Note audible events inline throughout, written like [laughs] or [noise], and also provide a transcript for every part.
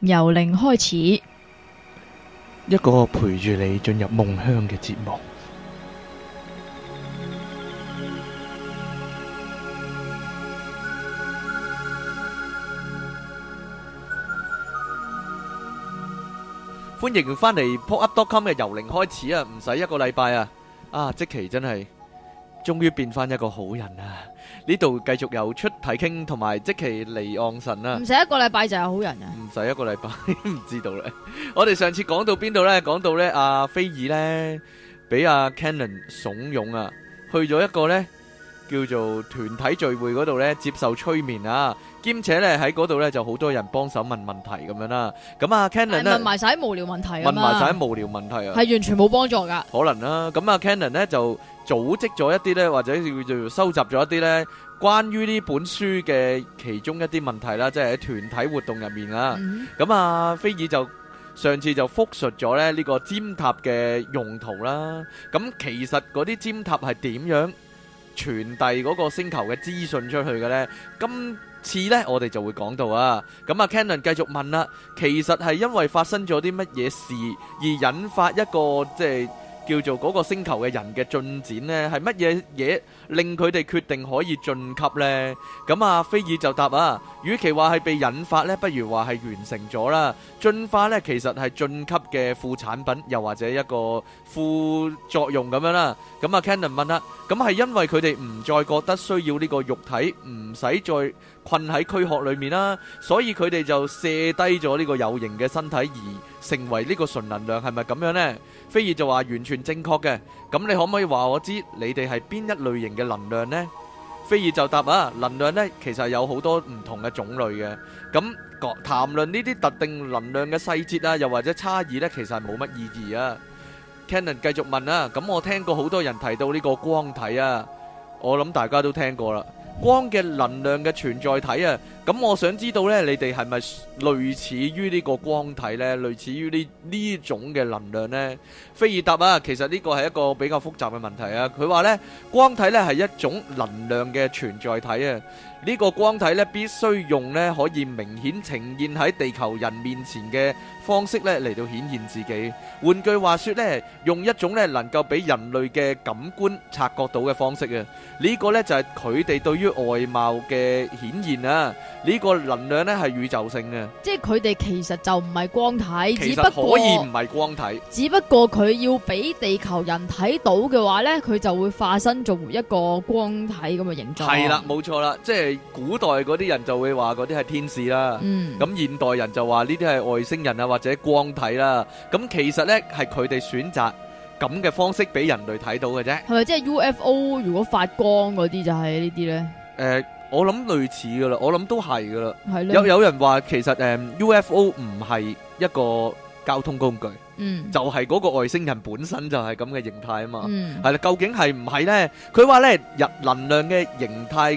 由零開始，一個陪住你進入夢鄉嘅節目。歡迎翻嚟 popup.com 嘅由零開始啊！唔使一個禮拜啊！啊，即其真係終於變翻一個好人啊！呢度繼續有出體傾，同埋即期離岸神啦、啊。唔使一個禮拜就係好人啊！唔使一個禮拜，唔知道咧。 [laughs] 我哋上次講到邊度咧？講到咧，阿、啊、菲爾咧，俾阿、啊、Cannon 慫恿啊，去咗一個咧。叫做團體聚會嗰度咧，接受催眠啊，兼且咧喺嗰度咧就好多人幫手問問題咁樣啦。咁啊，Cannon 咧問埋曬啲無聊問題啊，問埋曬啲無聊問題啊，係完全冇幫助噶。可能啦。咁啊，Cannon 咧就組織咗一啲咧，或者叫做收集咗一啲咧，關於呢本書嘅其中一啲問題啦，即係喺團體活動入面啦。咁啊，菲爾就上次就復述咗咧呢個尖塔嘅用途啦。咁其實嗰啲尖塔係點樣傳遞嗰個星球嘅資訊出去嘅呢？今次呢，我哋就會講到啊。咁啊 Cannon 繼續問啦，啊，其實係因為發生咗啲乜嘢事而引發一個即係叫做嗰個星球嘅人嘅進展呢？係乜嘢嘢？令佢哋決定可以進級呢？咁阿、啊、菲爾就答啊，與其話係被引發呢，不如話係完成咗啦。進化呢，其實係進級嘅副產品，又或者一個副作用咁樣啦。咁阿、啊、Cannon 問啊，咁係因為佢哋唔再覺得需要呢個肉體，唔使再困喺軀殼裏面啦，所以佢哋就卸低咗呢個有形嘅身體，而成為呢個純能量，係咪咁樣呢？」菲爾就話完全正確嘅。咁你可唔可以話我知你哋係邊一類型？嘅能量呢，菲爾就答啊，能量呢，其實有好多唔同嘅種類嘅，咁談論呢啲特定能量嘅細節啊，又或者差異呢，其實冇乜意義啊。Cannon 繼續問啊，咁我聽過好多人提到呢個光體啊，我諗大家都聽過啦。光嘅能量嘅存在體啊，咁我想知道呢，你哋係咪類似於呢個光體呢？類似於呢呢種嘅能量呢？菲爾達啊，其實呢個係一個比較複雜嘅問題啊。佢話呢，光體呢係一種能量嘅存在體啊。呢個光體咧必須用咧，可以明顯呈現喺地球人面前嘅方式咧嚟到顯現自己。換句話說咧，用一種咧能夠俾人類嘅感官察覺到嘅方式啊！呢個咧就係佢哋對於外貌嘅顯現啊！呢個能量咧係宇宙性嘅。即係佢哋其實就唔係光體，只不過可以唔係光體。只不過佢要俾地球人睇到嘅話咧，佢就會化身做一個光體咁嘅形狀。係啦，冇錯啦，即係。古代嗰啲人就會話嗰啲係天使啦，咁現代人就話呢啲係外星人啊，或者光體啦。咁其實咧係佢哋選擇咁嘅方式俾人類睇到嘅啫。係咪即係 UFO 如果發光嗰啲就係呢啲咧？誒，我諗類似噶啦，我諗都係噶啦。係咧。有有人話其實誒 UFO 唔係一個交通工具，嗯，就係嗰個外星人本身就係咁嘅形態啊嘛。嗯，係啦。究竟係唔係咧？佢話咧，日能量嘅形態。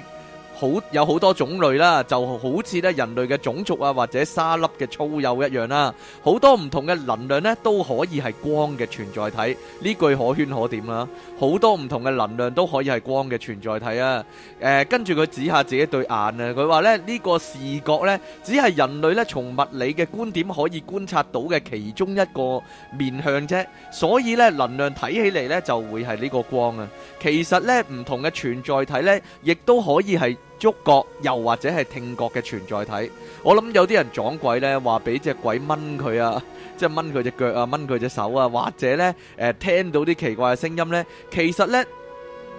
好有好多種類啦，就好似咧人類嘅種族啊，或者沙粒嘅粗幼一樣啦，好多唔同嘅能量咧都可以係光嘅存在體，呢句可圈可點啦。好多唔同嘅能量都可以係光嘅存在體啊。誒，跟住佢指下自己對眼啊，佢話咧，呢個視覺咧只係人類咧從物理嘅觀點可以觀察到嘅其中一個面向啫，所以咧能量睇起嚟，咧就會係呢個光啊。其實咧唔同嘅存在體咧亦都可以係。觸覺又或者係聽覺嘅存在體，我諗有啲人撞鬼咧，話俾隻鬼掹佢啊，即係掹佢隻腳啊，掹佢隻手啊，或者咧誒聽到啲奇怪嘅聲音咧，其實咧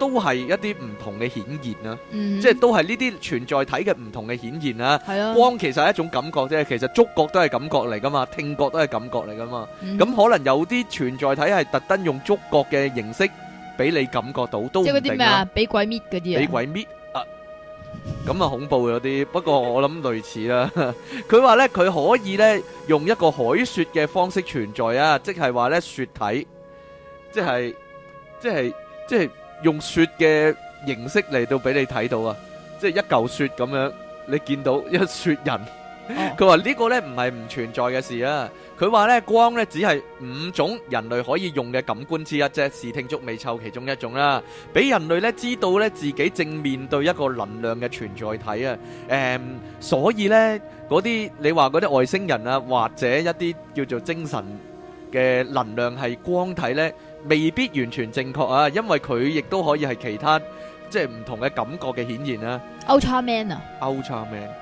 都係一啲唔同嘅顯現啦，即係都係呢啲存在體嘅唔同嘅顯現啦。光其實係一種感覺啫，其實觸覺都係感覺嚟噶嘛，聽覺都係感覺嚟噶嘛。咁可能有啲存在體係特登用觸覺嘅形式俾你感覺到，都即係嗰啲咩啊？俾鬼搣嗰啲啊？俾鬼搣。咁啊，恐怖有啲，不過我諗類似啦。佢話呢，佢可以呢用一個海雪嘅方式存在啊，即係話呢雪體，即係即係即係用雪嘅形式嚟到俾你睇到啊，即係一嚿雪咁樣，你見到一雪人。佢話呢個呢唔係唔存在嘅事啊！佢話呢光呢只係五種人類可以用嘅感官之一啫，視聽觸味嗅其中一種啦、啊。俾人類呢知道呢自己正面對一個能量嘅存在體啊！誒、嗯，所以呢嗰啲你話嗰啲外星人啊，或者一啲叫做精神嘅能量係光體呢，未必完全正確啊！因為佢亦都可以係其他即係唔同嘅感覺嘅顯現啦。Ultra man 啊 Ultra man。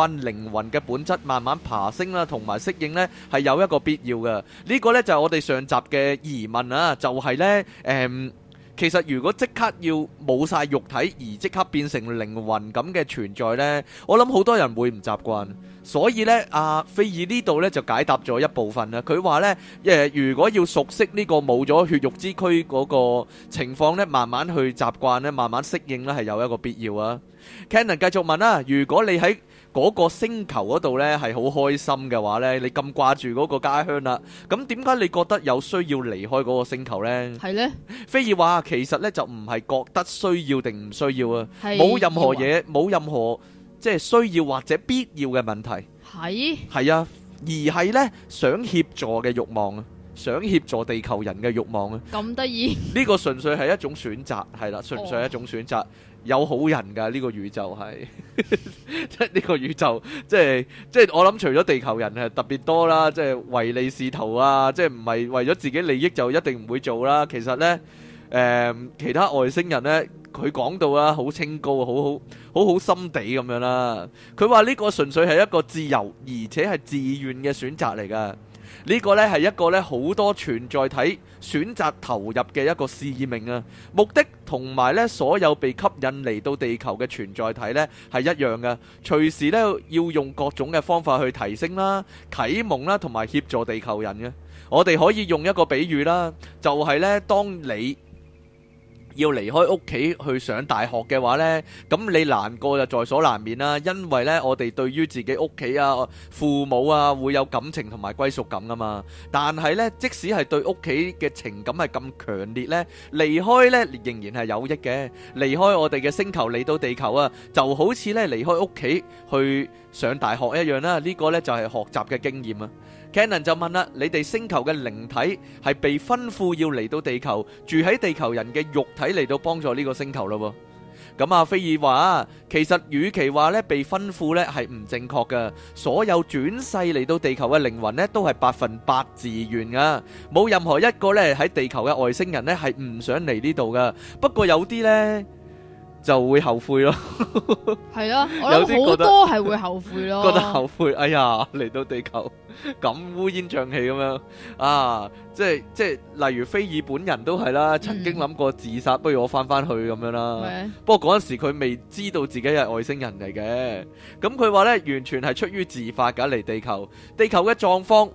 關靈魂嘅本質慢慢爬升啦，同埋適應呢係有一個必要嘅。呢、這個呢就係我哋上集嘅疑問啊，就係、是、呢。誒、嗯，其實如果即刻要冇晒肉體而即刻變成靈魂咁嘅存在呢，我諗好多人會唔習慣。所以呢，阿、啊、菲爾呢度呢就解答咗一部分啦。佢話呢，誒、呃，如果要熟悉呢個冇咗血肉之軀嗰個情況呢，慢慢去習慣呢，慢慢適應呢，係有一個必要啊。Cannon 繼續問啦，如果你喺嗰個星球嗰度呢係好開心嘅話呢，你咁掛住嗰個家鄉啦，咁點解你覺得有需要離開嗰個星球呢？係呢，菲爾話其實呢就唔係覺得需要定唔需要啊，冇任何嘢，冇任何即係需要或者必要嘅問題，係係啊，而係呢想協助嘅慾望啊。想協助地球人嘅慾望啊！咁得意，呢個純粹係一種選擇，係啦，純粹係一種選擇。Oh. 有好人噶呢個宇宙係，即係呢個宇宙，即係即係我諗，除咗地球人係特別多啦，即係唯利是圖啊，即係唔係為咗自己利益就一定唔會做啦。其實呢，誒、呃，其他外星人呢，佢講到啦，好清高，好好好好心地咁樣啦。佢話呢個純粹係一個自由，而且係自願嘅選擇嚟噶。呢個咧係一個咧好多存在體選擇投入嘅一個使命啊！目的同埋咧所有被吸引嚟到地球嘅存在體呢，係一樣嘅，隨時咧要用各種嘅方法去提升啦、啟蒙啦同埋協助地球人嘅。我哋可以用一個比喻啦，就係咧當你，要離開屋企去上大學嘅話呢，咁你難過就在所難免啦，因為呢，我哋對於自己屋企啊、父母啊，會有感情同埋歸屬感㗎嘛。但係呢，即使係對屋企嘅情感係咁強烈呢，離開呢，仍然係有益嘅。離開我哋嘅星球嚟到地球啊，就好似呢，離開屋企去上大學一樣啦。呢個呢，就係學習嘅經驗啊。Canon 就問啦：你哋星球嘅靈體係被吩咐要嚟到地球，住喺地球人嘅肉體，嚟到幫助呢個星球咯噃？咁阿菲爾話啊，其實與其話咧被吩咐咧，係唔正確嘅，所有轉世嚟到地球嘅靈魂咧，都係百分百自願啊，冇任何一個咧喺地球嘅外星人咧係唔想嚟呢度噶。不過有啲咧。就會後悔咯 [laughs] ，係啊，有好多係 [laughs] 會後悔咯， [laughs] 覺得後悔，哎呀，嚟到地球咁烏煙瘴氣咁樣，啊，即係即係，例如菲爾本人都係啦，曾經諗過自殺，嗯、不如我翻翻去咁樣啦。嗯、不過嗰陣時佢未知道自己係外星人嚟嘅。咁佢話咧完全係出於自發噶嚟地球，地球嘅狀況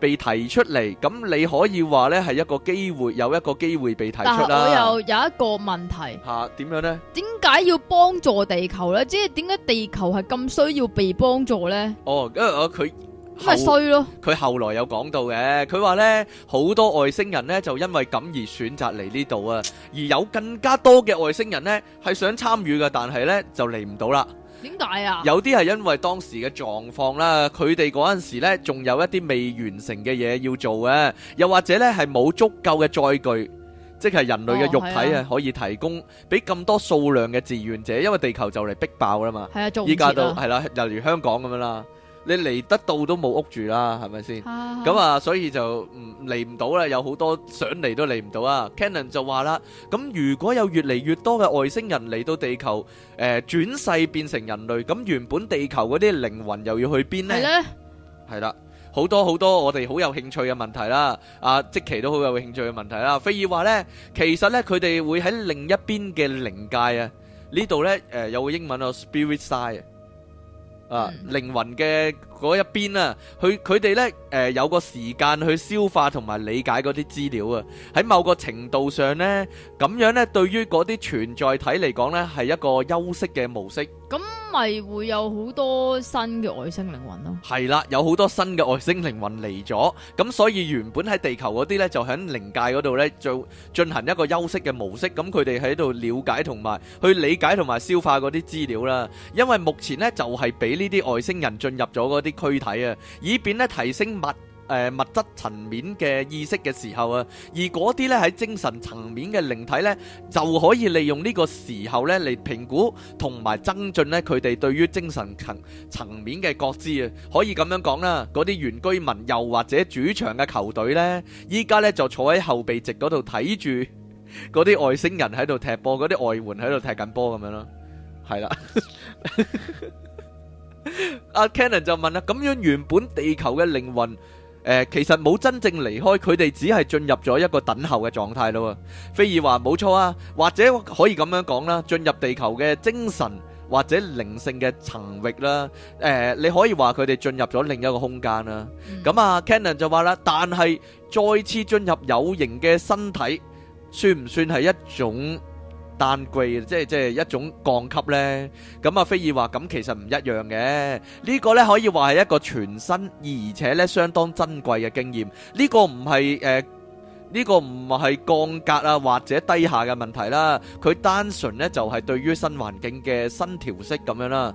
被提出嚟，咁你可以話呢係一個機會，有一個機會被提出啦。但係我又有一個問題，吓點樣呢？點解要幫助地球呢？即係點解地球係咁需要被幫助呢？哦，因為佢咁咪衰咯。佢後來有講到嘅，佢話呢，好多外星人呢就因為咁而選擇嚟呢度啊，而有更加多嘅外星人呢係想參與㗎，但係呢就嚟唔到啦。點解啊？有啲係因為當時嘅狀況啦，佢哋嗰陣時咧仲有一啲未完成嘅嘢要做嘅，又或者咧係冇足夠嘅載具，即係人類嘅肉體係可以提供俾咁多數量嘅志願者，因為地球就嚟逼爆啦嘛。係啊，做唔切啦。依家都係啦，又如香港咁樣啦。你嚟得到都冇屋住啦，係咪先？咁啊，所以就唔嚟唔到啦。有好多想嚟都嚟唔到啊。Cannon 就話啦，咁如果有越嚟越多嘅外星人嚟到地球，誒轉世變成人類，咁原本地球嗰啲靈魂又要去邊呢？係咧，係啦，好多好多我哋好有興趣嘅問題啦。阿積奇都好有興趣嘅問題啦。菲爾話呢，其實呢佢哋會喺另一邊嘅靈界啊，呢度呢誒有個英文啊，spirit side。啊，靈魂嘅嗰一邊啊，佢佢哋呢誒、呃、有個時間去消化同埋理解嗰啲資料啊，喺某個程度上呢，咁樣呢對於嗰啲存在體嚟講呢，係一個休息嘅模式。咪會有好多新嘅外星靈魂咯，係啦，有好多新嘅外星靈魂嚟咗，咁所以原本喺地球嗰啲咧，就響靈界嗰度咧做進行一個休息嘅模式，咁佢哋喺度了解同埋去理解同埋消化嗰啲資料啦。因為目前咧就係俾呢啲外星人進入咗嗰啲軀體啊，以便咧提升物。誒，物質層面嘅意識嘅時候啊，而嗰啲咧喺精神層面嘅靈體呢，就可以利用呢個時候呢嚟評估同埋增進呢佢哋對於精神層層面嘅覺知啊，可以咁樣講啦。嗰啲原居民又或者主場嘅球隊呢，依家呢就坐喺後備席嗰度睇住嗰啲外星人喺度踢波，嗰啲外援喺度踢緊波咁樣咯，係啦。阿 Canon 就問啦，咁樣原本地球嘅靈魂？誒，其實冇真正離開，佢哋只係進入咗一個等候嘅狀態咯。菲爾話冇錯啊，或者可以咁樣講啦，進入地球嘅精神或者靈性嘅層域啦。誒，你可以話佢哋進入咗另一個空間啦。咁啊，Cannon 就話啦，但係再次進入有形嘅身體，算唔算係一種？單貴即係即係一種降級呢。咁啊，菲爾話咁其實唔一樣嘅，呢、這個呢，可以話係一個全新，而且呢相當珍貴嘅經驗。呢、這個唔係誒，呢、呃這個唔係降格啊，或者低下嘅問題啦。佢單純呢，就係對於新環境嘅新調適咁樣啦。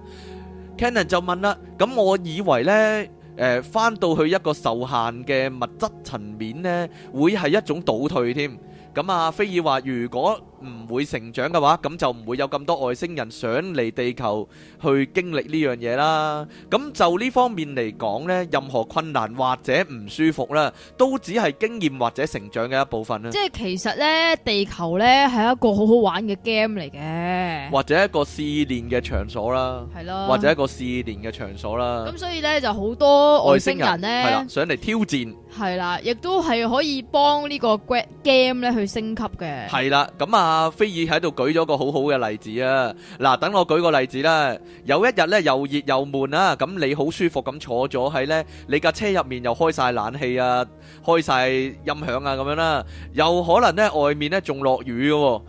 Cannon 就問啦，咁我以為呢，誒、呃、翻到去一個受限嘅物質層面呢，會係一種倒退添。咁啊，菲爾話如果。唔會成長嘅話，咁就唔會有咁多外星人上嚟地球去經歷呢樣嘢啦。咁就呢方面嚟講咧，任何困難或者唔舒服啦，都只係經驗或者成長嘅一部分啦。即係其實咧，地球咧係一個好好玩嘅 game 嚟嘅，或者一個試煉嘅場所啦，係咯，或者一個試煉嘅場所啦。咁所以咧就好多外星人咧，上嚟挑戰，係啦，亦都係可以幫呢個 game 咧去升級嘅，係啦，咁啊。阿菲爾喺度舉咗個好好嘅例子啊！嗱，等我舉個例子啦。有一日咧又熱又悶啊，咁你好舒服咁坐咗喺咧你架車入面，又開晒冷氣啊，開晒音響啊，咁樣啦。又可能咧外面咧仲落雨噶，咁、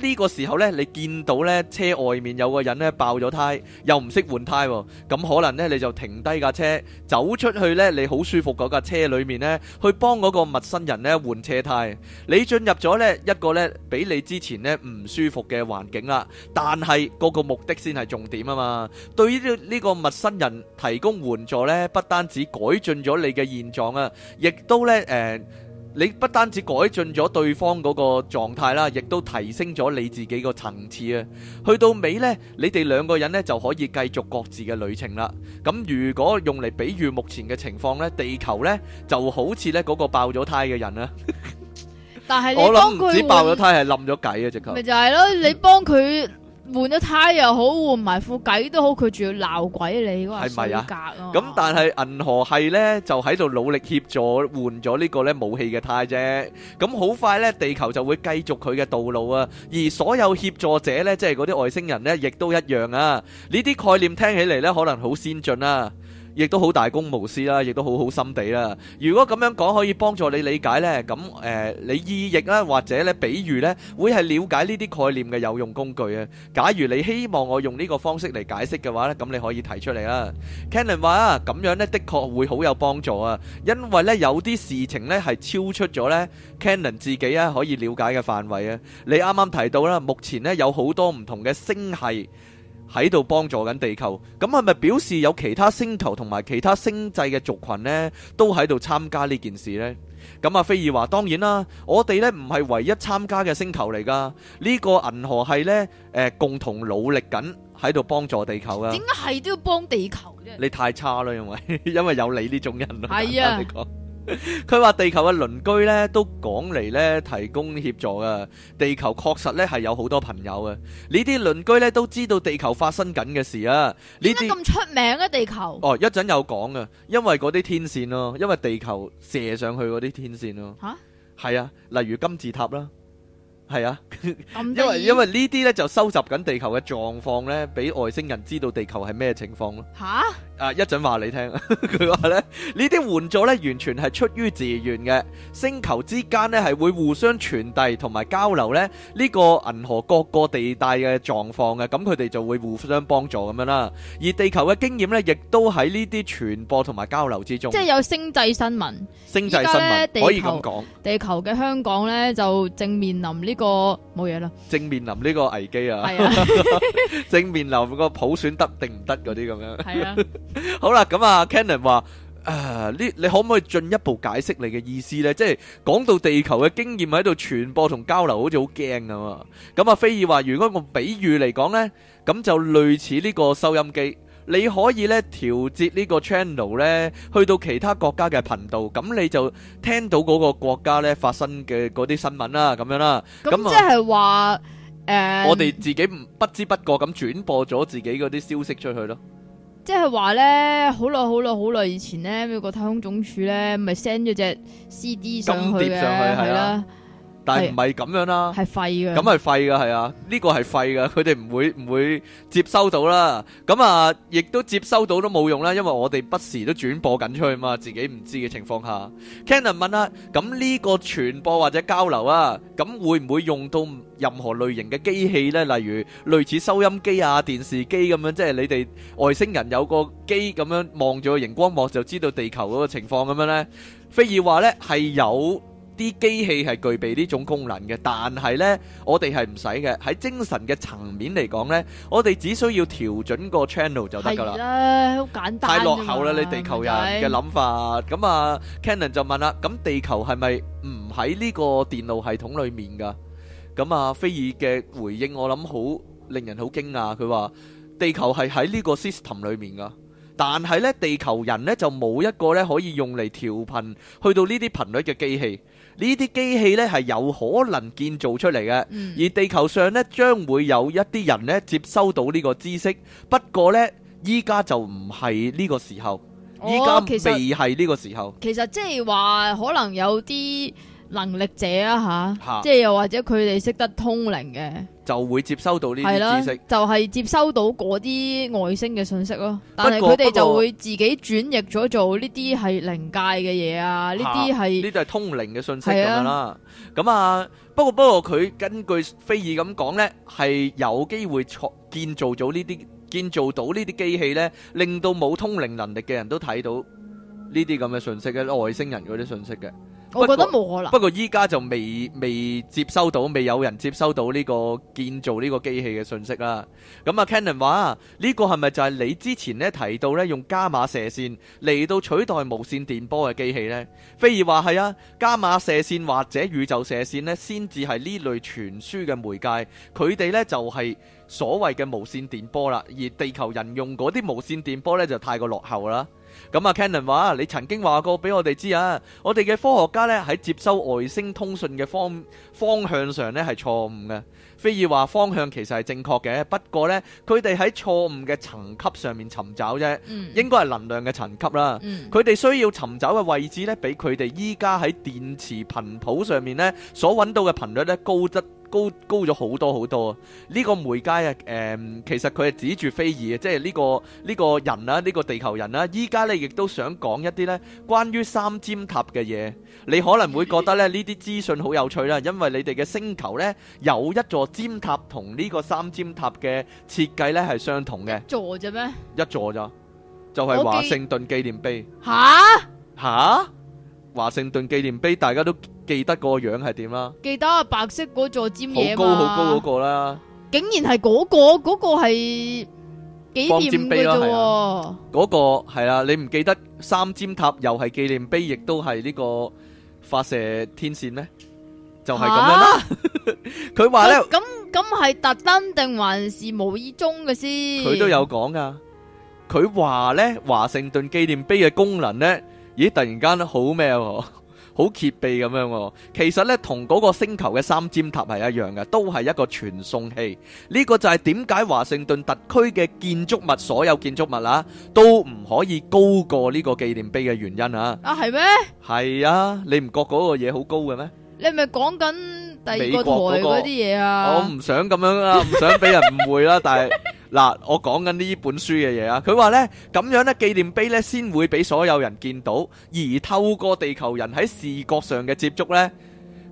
這、呢個時候咧你見到咧車外面有個人咧爆咗胎，又唔識換胎，咁可能咧你就停低架車，走出去咧你好舒服架車裏面咧去幫嗰個陌生人咧換車胎。你進入咗咧一個咧比你之前。咧唔舒服嘅環境啦，但係嗰個目的先係重點啊嘛。對於呢呢個陌生人提供援助咧，不單止改進咗你嘅現狀啊，亦都咧誒，你不單止改進咗對方嗰個狀態啦，亦都提升咗你自己個層次啊。去到尾咧，你哋兩個人咧就可以繼續各自嘅旅程啦。咁如果用嚟比喻目前嘅情況咧，地球咧就好似咧嗰個爆咗胎嘅人啊。但係你幫佢換，唔止爆咗胎，係冧咗偈啊直頭。咪就係咯，嗯、你幫佢換咗胎又好，換埋副偈都好，佢仲要鬧鬼你個性格，係咪啊？咁、啊、但係銀河系咧就喺度努力協助換咗呢個咧冇氣嘅胎啫。咁好快咧，地球就會繼續佢嘅道路啊。而所有協助者咧，即係嗰啲外星人咧，亦都一樣啊。呢啲概念聽起嚟咧，可能好先進啊。亦都好大公無私啦，亦都好好心地啦。如果咁樣講可以幫助你理解咧，咁誒你意譯啦，或者咧，比喻咧，會係瞭解呢啲概念嘅有用工具啊。假如你希望我用呢個方式嚟解釋嘅話咧，咁你可以提出嚟啦。Cannon 話啊，咁樣咧，的確會好有幫助啊，因為咧有啲事情咧係超出咗咧 Cannon 自己啊可以瞭解嘅範圍啊。你啱啱提到啦，目前咧有好多唔同嘅星系，喺度幫助緊地球，咁係咪表示有其他星球同埋其他星際嘅族群呢都喺度參加呢件事呢？咁阿菲爾話：當然啦，我哋呢唔係唯一參加嘅星球嚟㗎，這個、銀呢個銀河系呢誒，共同努力緊喺度幫助地球啦。點解係都要幫地球呢？你太差啦，因為因為有你呢種人係啊。佢話 [laughs] 地球嘅鄰居咧都講嚟咧提供協助噶，地球確實咧係有好多朋友嘅，鄰呢啲鄰居咧都知道地球發生緊嘅事啊。點解咁出名嘅、啊、地球？哦，一陣有講噶，因為嗰啲天線咯、哦，因為地球射上去嗰啲天線咯、哦。吓、啊，係啊，例如金字塔啦。係啊， [laughs] 因為因為呢啲咧就收集緊地球嘅狀況咧，俾外星人知道地球係咩情況咯。吓哈，啊一陣話你聽，佢話咧呢啲援助咧完全係出於自願嘅，嗯、星球之間咧係會互相傳遞同埋交流咧呢、這個銀河各個地帶嘅狀況嘅，咁佢哋就會互相幫助咁樣啦。而地球嘅經驗咧，亦都喺呢啲傳播同埋交流之中。即係有星際新聞，星際新聞，球可以咁講。地球嘅香港咧就正面臨呢。呢個冇嘢啦，正面臨呢個危機啊！正面臨個普選得定唔得嗰啲咁樣。係啊，好啦，咁啊，Kennan 話：誒，呢你可唔可以進一步解釋你嘅意思咧？即係講到地球嘅經驗喺度傳播同交流，好似好驚咁啊！咁啊，菲爾話：如果用比喻嚟講咧，咁就類似呢個收音機。你可以咧調節個頻道呢個 channel 咧，去到其他國家嘅頻道，咁你就聽到嗰個國家咧發生嘅嗰啲新聞啦，咁樣啦。咁即係話，誒，嗯、我哋自己不知不覺咁轉播咗自己嗰啲消息出去咯。即係話咧，好耐好耐好耐以前咧，美國太空總署咧，咪 send 咗隻 CD 上碟上去嘅，係啦、啊。但係唔係咁樣啦，係廢嘅，咁係廢嘅係啊，呢個係廢嘅，佢哋唔會唔會接收到啦。咁啊，亦都接收到都冇用啦，因為我哋不時都轉播緊出去嘛，自己唔知嘅情況下。Cannon 問啦，咁呢個傳播或者交流啊，咁會唔會用到任何類型嘅機器呢？例如類似收音機啊、電視機咁樣，即係你哋外星人有個機咁樣望住個螢光幕就知道地球嗰個情況咁樣呢？非爾話呢係有。啲機器係具備呢種功能嘅，但係呢，我哋係唔使嘅。喺精神嘅層面嚟講呢，我哋只需要調準個 channel 就得㗎啦。係啦，好簡單。太落後啦！你地球人嘅諗法。咁啊的，Cannon 就問啦：咁地球係咪唔喺呢個電路系統裡面㗎？咁啊，菲爾嘅回應我諗好令人好驚訝。佢話：地球係喺呢個 system 裡面㗎，但係呢，地球人呢就冇一個呢可以用嚟調頻去到呢啲頻率嘅機器。呢啲機器呢係有可能建造出嚟嘅，嗯、而地球上呢將會有一啲人呢接收到呢個知識。不過呢，依家就唔係呢個時候，依家未係呢個時候。其實即係話可能有啲能力者啊吓，即係又或者佢哋識得通靈嘅，就會接收到呢啲知識，就係接收到嗰啲外星嘅信息咯。但係佢哋就會自己轉譯咗做呢啲係靈界嘅嘢啊，呢啲係呢啲係通靈嘅信息咁樣啦。咁啊，不過不過佢根據菲爾咁講咧，係有機會創建造到呢啲建造到呢啲機器咧，令到冇通靈能力嘅人都睇到呢啲咁嘅信息嘅外星人嗰啲信息嘅。我覺得冇可能。不過依家就未未接收到，未有人接收到呢個建造呢個機器嘅信息啦。咁啊 Cannon 話：呢、呢個係咪就係你之前咧提到咧用伽馬射線嚟到取代無線電波嘅機器呢？飛兒話：係啊，伽馬射線或者宇宙射線呢，先至係呢類傳輸嘅媒介。佢哋呢就係、係、所謂嘅無線電波啦。而地球人用嗰啲無線電波呢，就太過落後啦。咁啊 Cannon 話：你曾經話過，俾我哋知啊，我哋嘅科學家呢，喺接收外星通訊嘅方方向上呢，係錯誤嘅。菲爾話，方向其實係正確嘅，不過呢，佢哋喺錯誤嘅層級上面尋找啫，應該係能量嘅層級啦。佢哋、mm. 需要尋找嘅位置呢，比佢哋依家喺電磁頻譜上面呢，所揾到嘅頻率呢，高得。高高咗好多好多啊！呢個梅街啊，誒，其實佢係指住菲爾，即係呢個呢個人啦，呢個地球人啦，依家咧亦都想講一啲咧關於三尖塔嘅嘢。你可能會覺得咧呢啲資訊好有趣啦，因為你哋嘅星球咧有一座尖塔，同呢個三尖塔嘅設計咧係相同嘅。一座啫咩？一座咋？就係華盛頓紀念碑。吓吓，華盛頓紀念碑大家都。記得個樣係點啦？記得白色嗰座尖嘢嘛？好高好高嗰個啦！竟然係嗰個，嗰個係紀念碑咯。嗰個係啦，你唔記得三尖塔又係紀念碑，亦都係呢個發射天線咧？就係咁樣啦。佢話咧，咁咁係特登定還是無意中嘅先？佢都有講噶。佢話咧，華盛頓紀念碑嘅功能咧，咦，突然間咧好咩？好揭秘咁樣，其實呢，同嗰個星球嘅三尖塔係一樣嘅，都係一個傳送器。呢個就係點解華盛頓特區嘅建築物，所有建築物啦、啊，都唔可以高過呢個紀念碑嘅原因啊！啊，係咩？係啊，你唔覺嗰個嘢好高嘅咩？你係咪講緊。美國嗰啲嘢啊，我唔想咁樣啊，唔想俾人誤會啦。 [laughs] 但係嗱，我講緊呢本書嘅嘢啊。佢話呢，咁樣呢，紀念碑呢先會俾所有人見到，而透過地球人喺視覺上嘅接觸呢，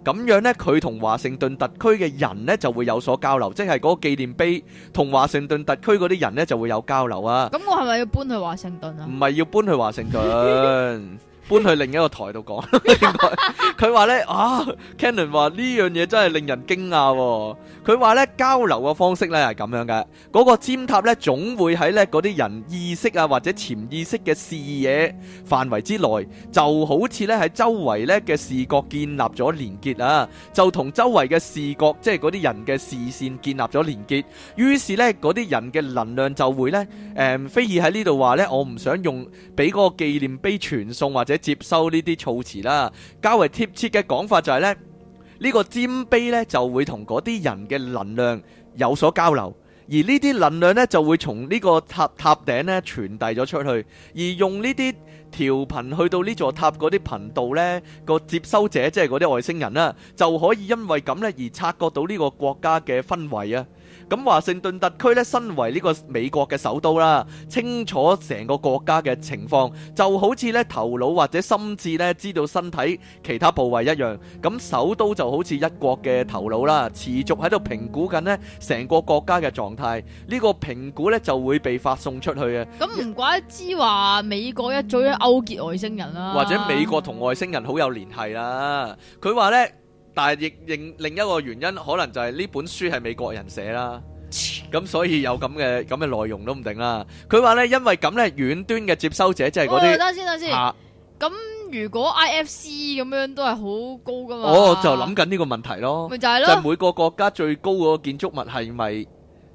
咁樣呢，佢同華盛頓特區嘅人呢就會有所交流，即係嗰個紀念碑同華盛頓特區嗰啲人呢就會有交流啊。咁我係咪要搬去華盛頓啊？唔係要搬去華盛頓。 [laughs] 搬去另一個台度講 [laughs] 呢，佢話咧啊 Cannon 話呢樣嘢真係令人驚訝。哦，佢話咧交流嘅方式咧係咁樣嘅，嗰個尖塔咧總會喺咧啲人意識啊或者潛意識嘅視野範圍之內，就好似咧喺周圍咧嘅視覺建立咗連結啊，就同周圍嘅視覺即係啲人嘅視線建立咗連結，於是咧啲人嘅能量就會咧誒飛爾喺呢度話咧，我唔想用俾個紀念碑傳送或者。接收呢啲措辭啦，較為貼切嘅講法就係、係、咧，呢、呢個尖碑咧就會同嗰啲人嘅能量有所交流，而呢啲能量咧就會從呢個塔塔頂咧傳遞咗出去，而用呢啲調頻去到呢座塔嗰啲頻道呢、嗰個接收者即係嗰啲外星人啦，就可以因為咁咧而察覺到呢個國家嘅氛圍啊。咁華盛頓特區咧，身為呢個美國嘅首都啦，清楚成個國家嘅情況，就好似咧頭腦或者心智咧知道身體其他部位一樣。咁首都就好似一國嘅頭腦啦，持續喺度評估緊呢成個國家嘅狀態。呢、這個評估咧就會被發送出去啊。咁唔怪之話美國一早喺勾結外星人啦，或者美國同外星人好有聯繫啦。佢話咧。但係亦另另一個原因，可能就係呢本書係美國人寫啦，咁所以有咁嘅咁嘅內容都唔定啦。佢話咧，因為咁咧遠端嘅接收者即係嗰啲，等下先，等下先。咁如果 IFC 咁樣都係好高㗎嘛？我就諗緊呢個問題咯。咪就係咯。即係每個國家最高個建築物係咪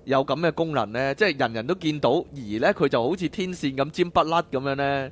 有咁嘅功能咧？即係人人都見到，而咧佢就好似天線咁尖不甩咁樣咧。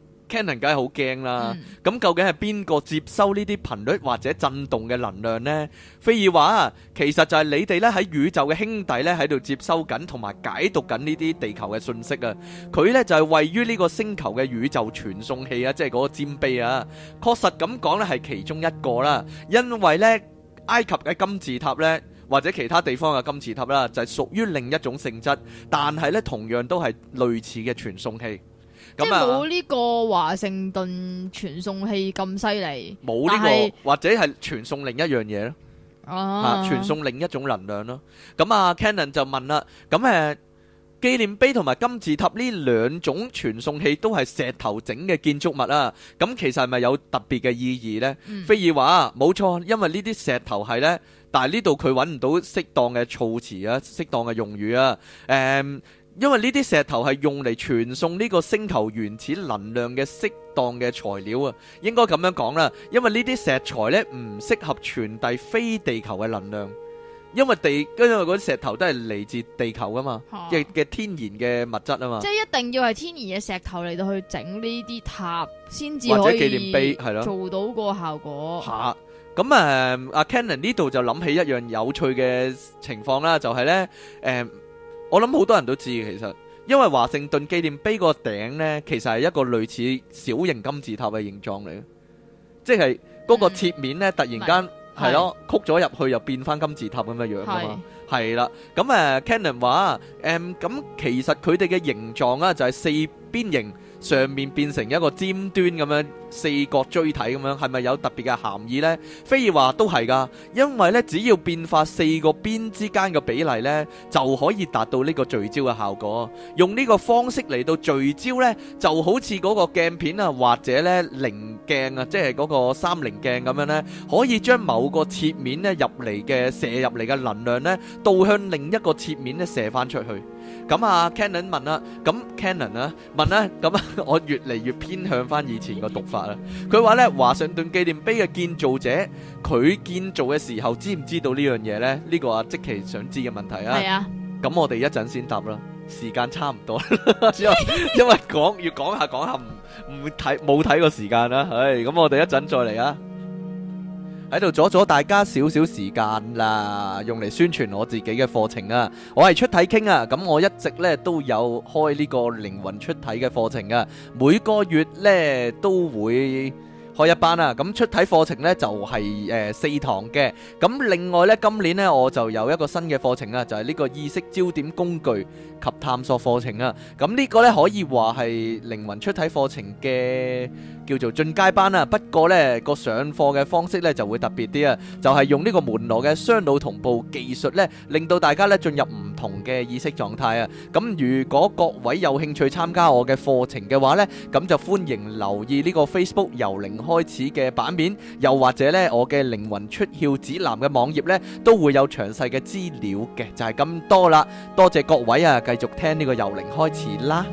Canon 梗係好驚啦，咁究竟係邊個接收呢啲頻率或者震動嘅能量呢？菲爾話其實就係你哋咧喺宇宙嘅兄弟咧喺度接收緊同埋解讀緊呢啲地球嘅信息啊！佢咧就係位於呢個星球嘅宇宙傳送器啊，即係嗰個尖碑啊，確實咁講咧係其中一個啦，因為咧埃及嘅金字塔咧或者其他地方嘅金字塔啦，就係屬於另一種性質，但係咧同樣都係類似嘅傳送器。即係冇呢個華盛頓傳送器咁犀利，冇呢個或者係傳送另一樣嘢咯，啊傳送另一種能量咯。咁啊，Cannon 就問啦，咁誒，紀念碑同埋金字塔呢兩種傳送器都係石頭整嘅建築物啊。咁其實係咪有特別嘅意義呢？菲爾話冇錯，因為呢啲石頭係呢，但係呢度佢搵唔到適當嘅措辭啊，適當嘅用語啊，誒。因為呢啲石頭係用嚟傳送呢個星球原始能量嘅適當嘅材料啊，應該咁樣講啦。因為呢啲石材呢唔適合傳遞非地球嘅能量，因為地，因為啲石頭都係嚟自地球噶嘛，嘅嘅、啊、天然嘅物質啊嘛。即係一定要係天然嘅石頭嚟到去整呢啲塔，先至或者紀念碑係咯，做到個效果。吓、啊、咁、嗯、誒、阿、啊、Kenan 呢度就諗起一樣有趣嘅情況啦，就係、是、呢。誒、嗯。我諗好多人都知，其實因為華盛頓紀念碑個頂咧，其實係一個類似小型金字塔嘅形狀嚟嘅，即係嗰個切面咧，突然間係咯曲咗入去，又變翻金字塔咁嘅樣啊嘛，係啦。咁誒，Cannon 話誒，咁其實佢哋嘅形狀啊，就係四邊形。上面變成一個尖端咁樣四角錐體咁樣，係咪有特別嘅含義呢？非爾話都係噶，因為咧只要變化四個邊之間嘅比例咧，就可以達到呢個聚焦嘅效果。用呢個方式嚟到聚焦咧，就好似嗰個鏡片啊，或者咧棱鏡啊，即係嗰個三棱鏡咁樣咧，可以將某個切面咧入嚟嘅射入嚟嘅能量咧，導向另一個切面咧射翻出去。咁啊，Cannon 問啦，咁 Cannon 啊，問啦，咁啊，我越嚟越偏向翻以前個讀法啦。佢話咧，華盛頓紀念碑嘅建造者，佢建造嘅時候知唔知道呢樣嘢咧？呢個啊，即其想知嘅問題啊。係啊。咁我哋一陣先答啦，時間差唔多。因為因為講要講下講下唔，唔睇冇睇個時間啦。唉，咁我哋一陣再嚟啊。喺度阻咗大家少少時間啦，用嚟宣傳我自己嘅課程啊。我係出體傾啊，咁我一直呢都有開呢個靈魂出體嘅課程啊，每個月呢都會，開一班啦，咁出體課程呢就係誒四堂嘅。咁另外呢今年呢我就有一個新嘅課程啊，就係呢個意識焦點工具及探索課程啊，咁呢個呢可以話係靈魂出體課程嘅叫做進階班啊，不過呢個上課嘅方式呢就會特別啲啊，就係用呢個門羅嘅雙腦同步技術呢，令到大家呢進入唔同嘅意識狀態啊，咁如果各位有興趣參加我嘅課程嘅話呢，咁就歡迎留意呢個 Facebook 游靈。開始嘅版面，又或者呢我嘅靈魂出竅指南嘅網頁呢，都會有詳細嘅資料嘅，就係咁多啦。多謝各位啊，繼續聽呢個由零開始啦。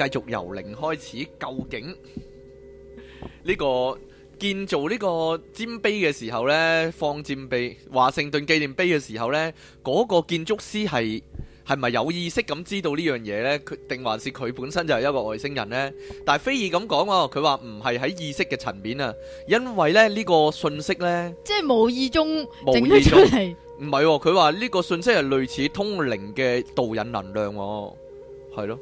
繼續由零開始，究竟呢個建造呢個尖碑嘅時候咧，放尖碑華盛頓紀念碑嘅時候咧，嗰個建築師係係咪有意識咁知道呢樣嘢咧？佢定還是佢本身就係一個外星人咧？但係菲爾咁講喎，佢話唔係喺意識嘅層面啊，因為咧呢個信息咧，即係無意中整出嚟，無意中，唔係佢話呢個信息係類似通靈嘅導引能量，係咯。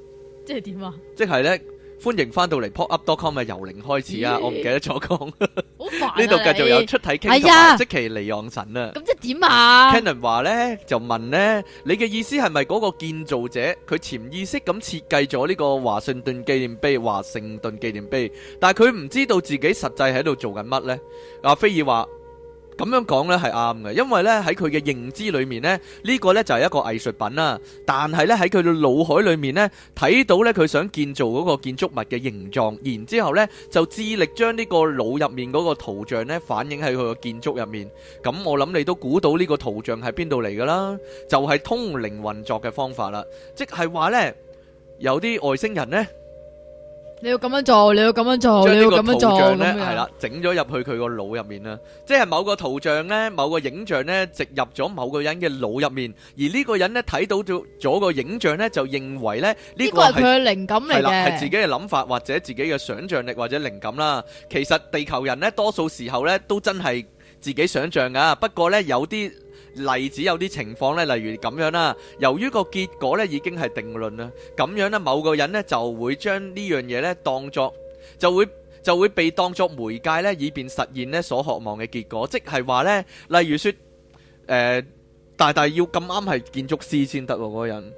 即係點啊？即係咧，歡迎翻到嚟 popup.com，咪由零開始啊！欸、我唔記得咗講。 [laughs] 好煩呢、啊、度繼續有出體傾同啊！即其利昂神啊。咁即點啊 k e n n e n 話咧就問咧，你嘅意思係咪嗰個建造者佢潛意識咁設計咗呢個華盛頓紀念碑？華盛頓紀念碑，但係佢唔知道自己實際喺度做緊乜咧？阿菲爾話。咁樣講咧係啱嘅，因為咧喺佢嘅認知裏面咧，呢個咧就係一個藝術品啦。但係咧喺佢嘅腦海裏面咧睇到咧佢想建造嗰個建築物嘅形狀，然之後咧就致力將呢個腦入面嗰個圖像咧反映喺佢個建築入面。咁我諗你都估到呢個圖像係邊度嚟噶啦，就係通靈運作嘅方法啦，即係話咧有啲外星人咧。你要咁樣做，你要咁樣做，將呢個圖像咧係啦，整咗入去佢個腦入面啦，即係某個圖像咧，某個影像咧，植入咗某個人嘅腦入面，而呢個人咧睇到咗個影像咧，就認為咧呢個係佢嘅靈感嚟嘅，係自己嘅諗法或者自己嘅想象力或者靈感啦。其實地球人咧，多數時候咧都真係自己想象噶，不過咧有啲。例子有啲情況咧，例如咁樣啦，由於個結果咧已經係定論啦，咁樣咧某個人咧就會將呢樣嘢咧當作，就會就會被當作媒介咧，以便實現咧所渴望嘅結果，即係話咧，例如説，誒大大要咁啱係建築師先得喎？嗰人。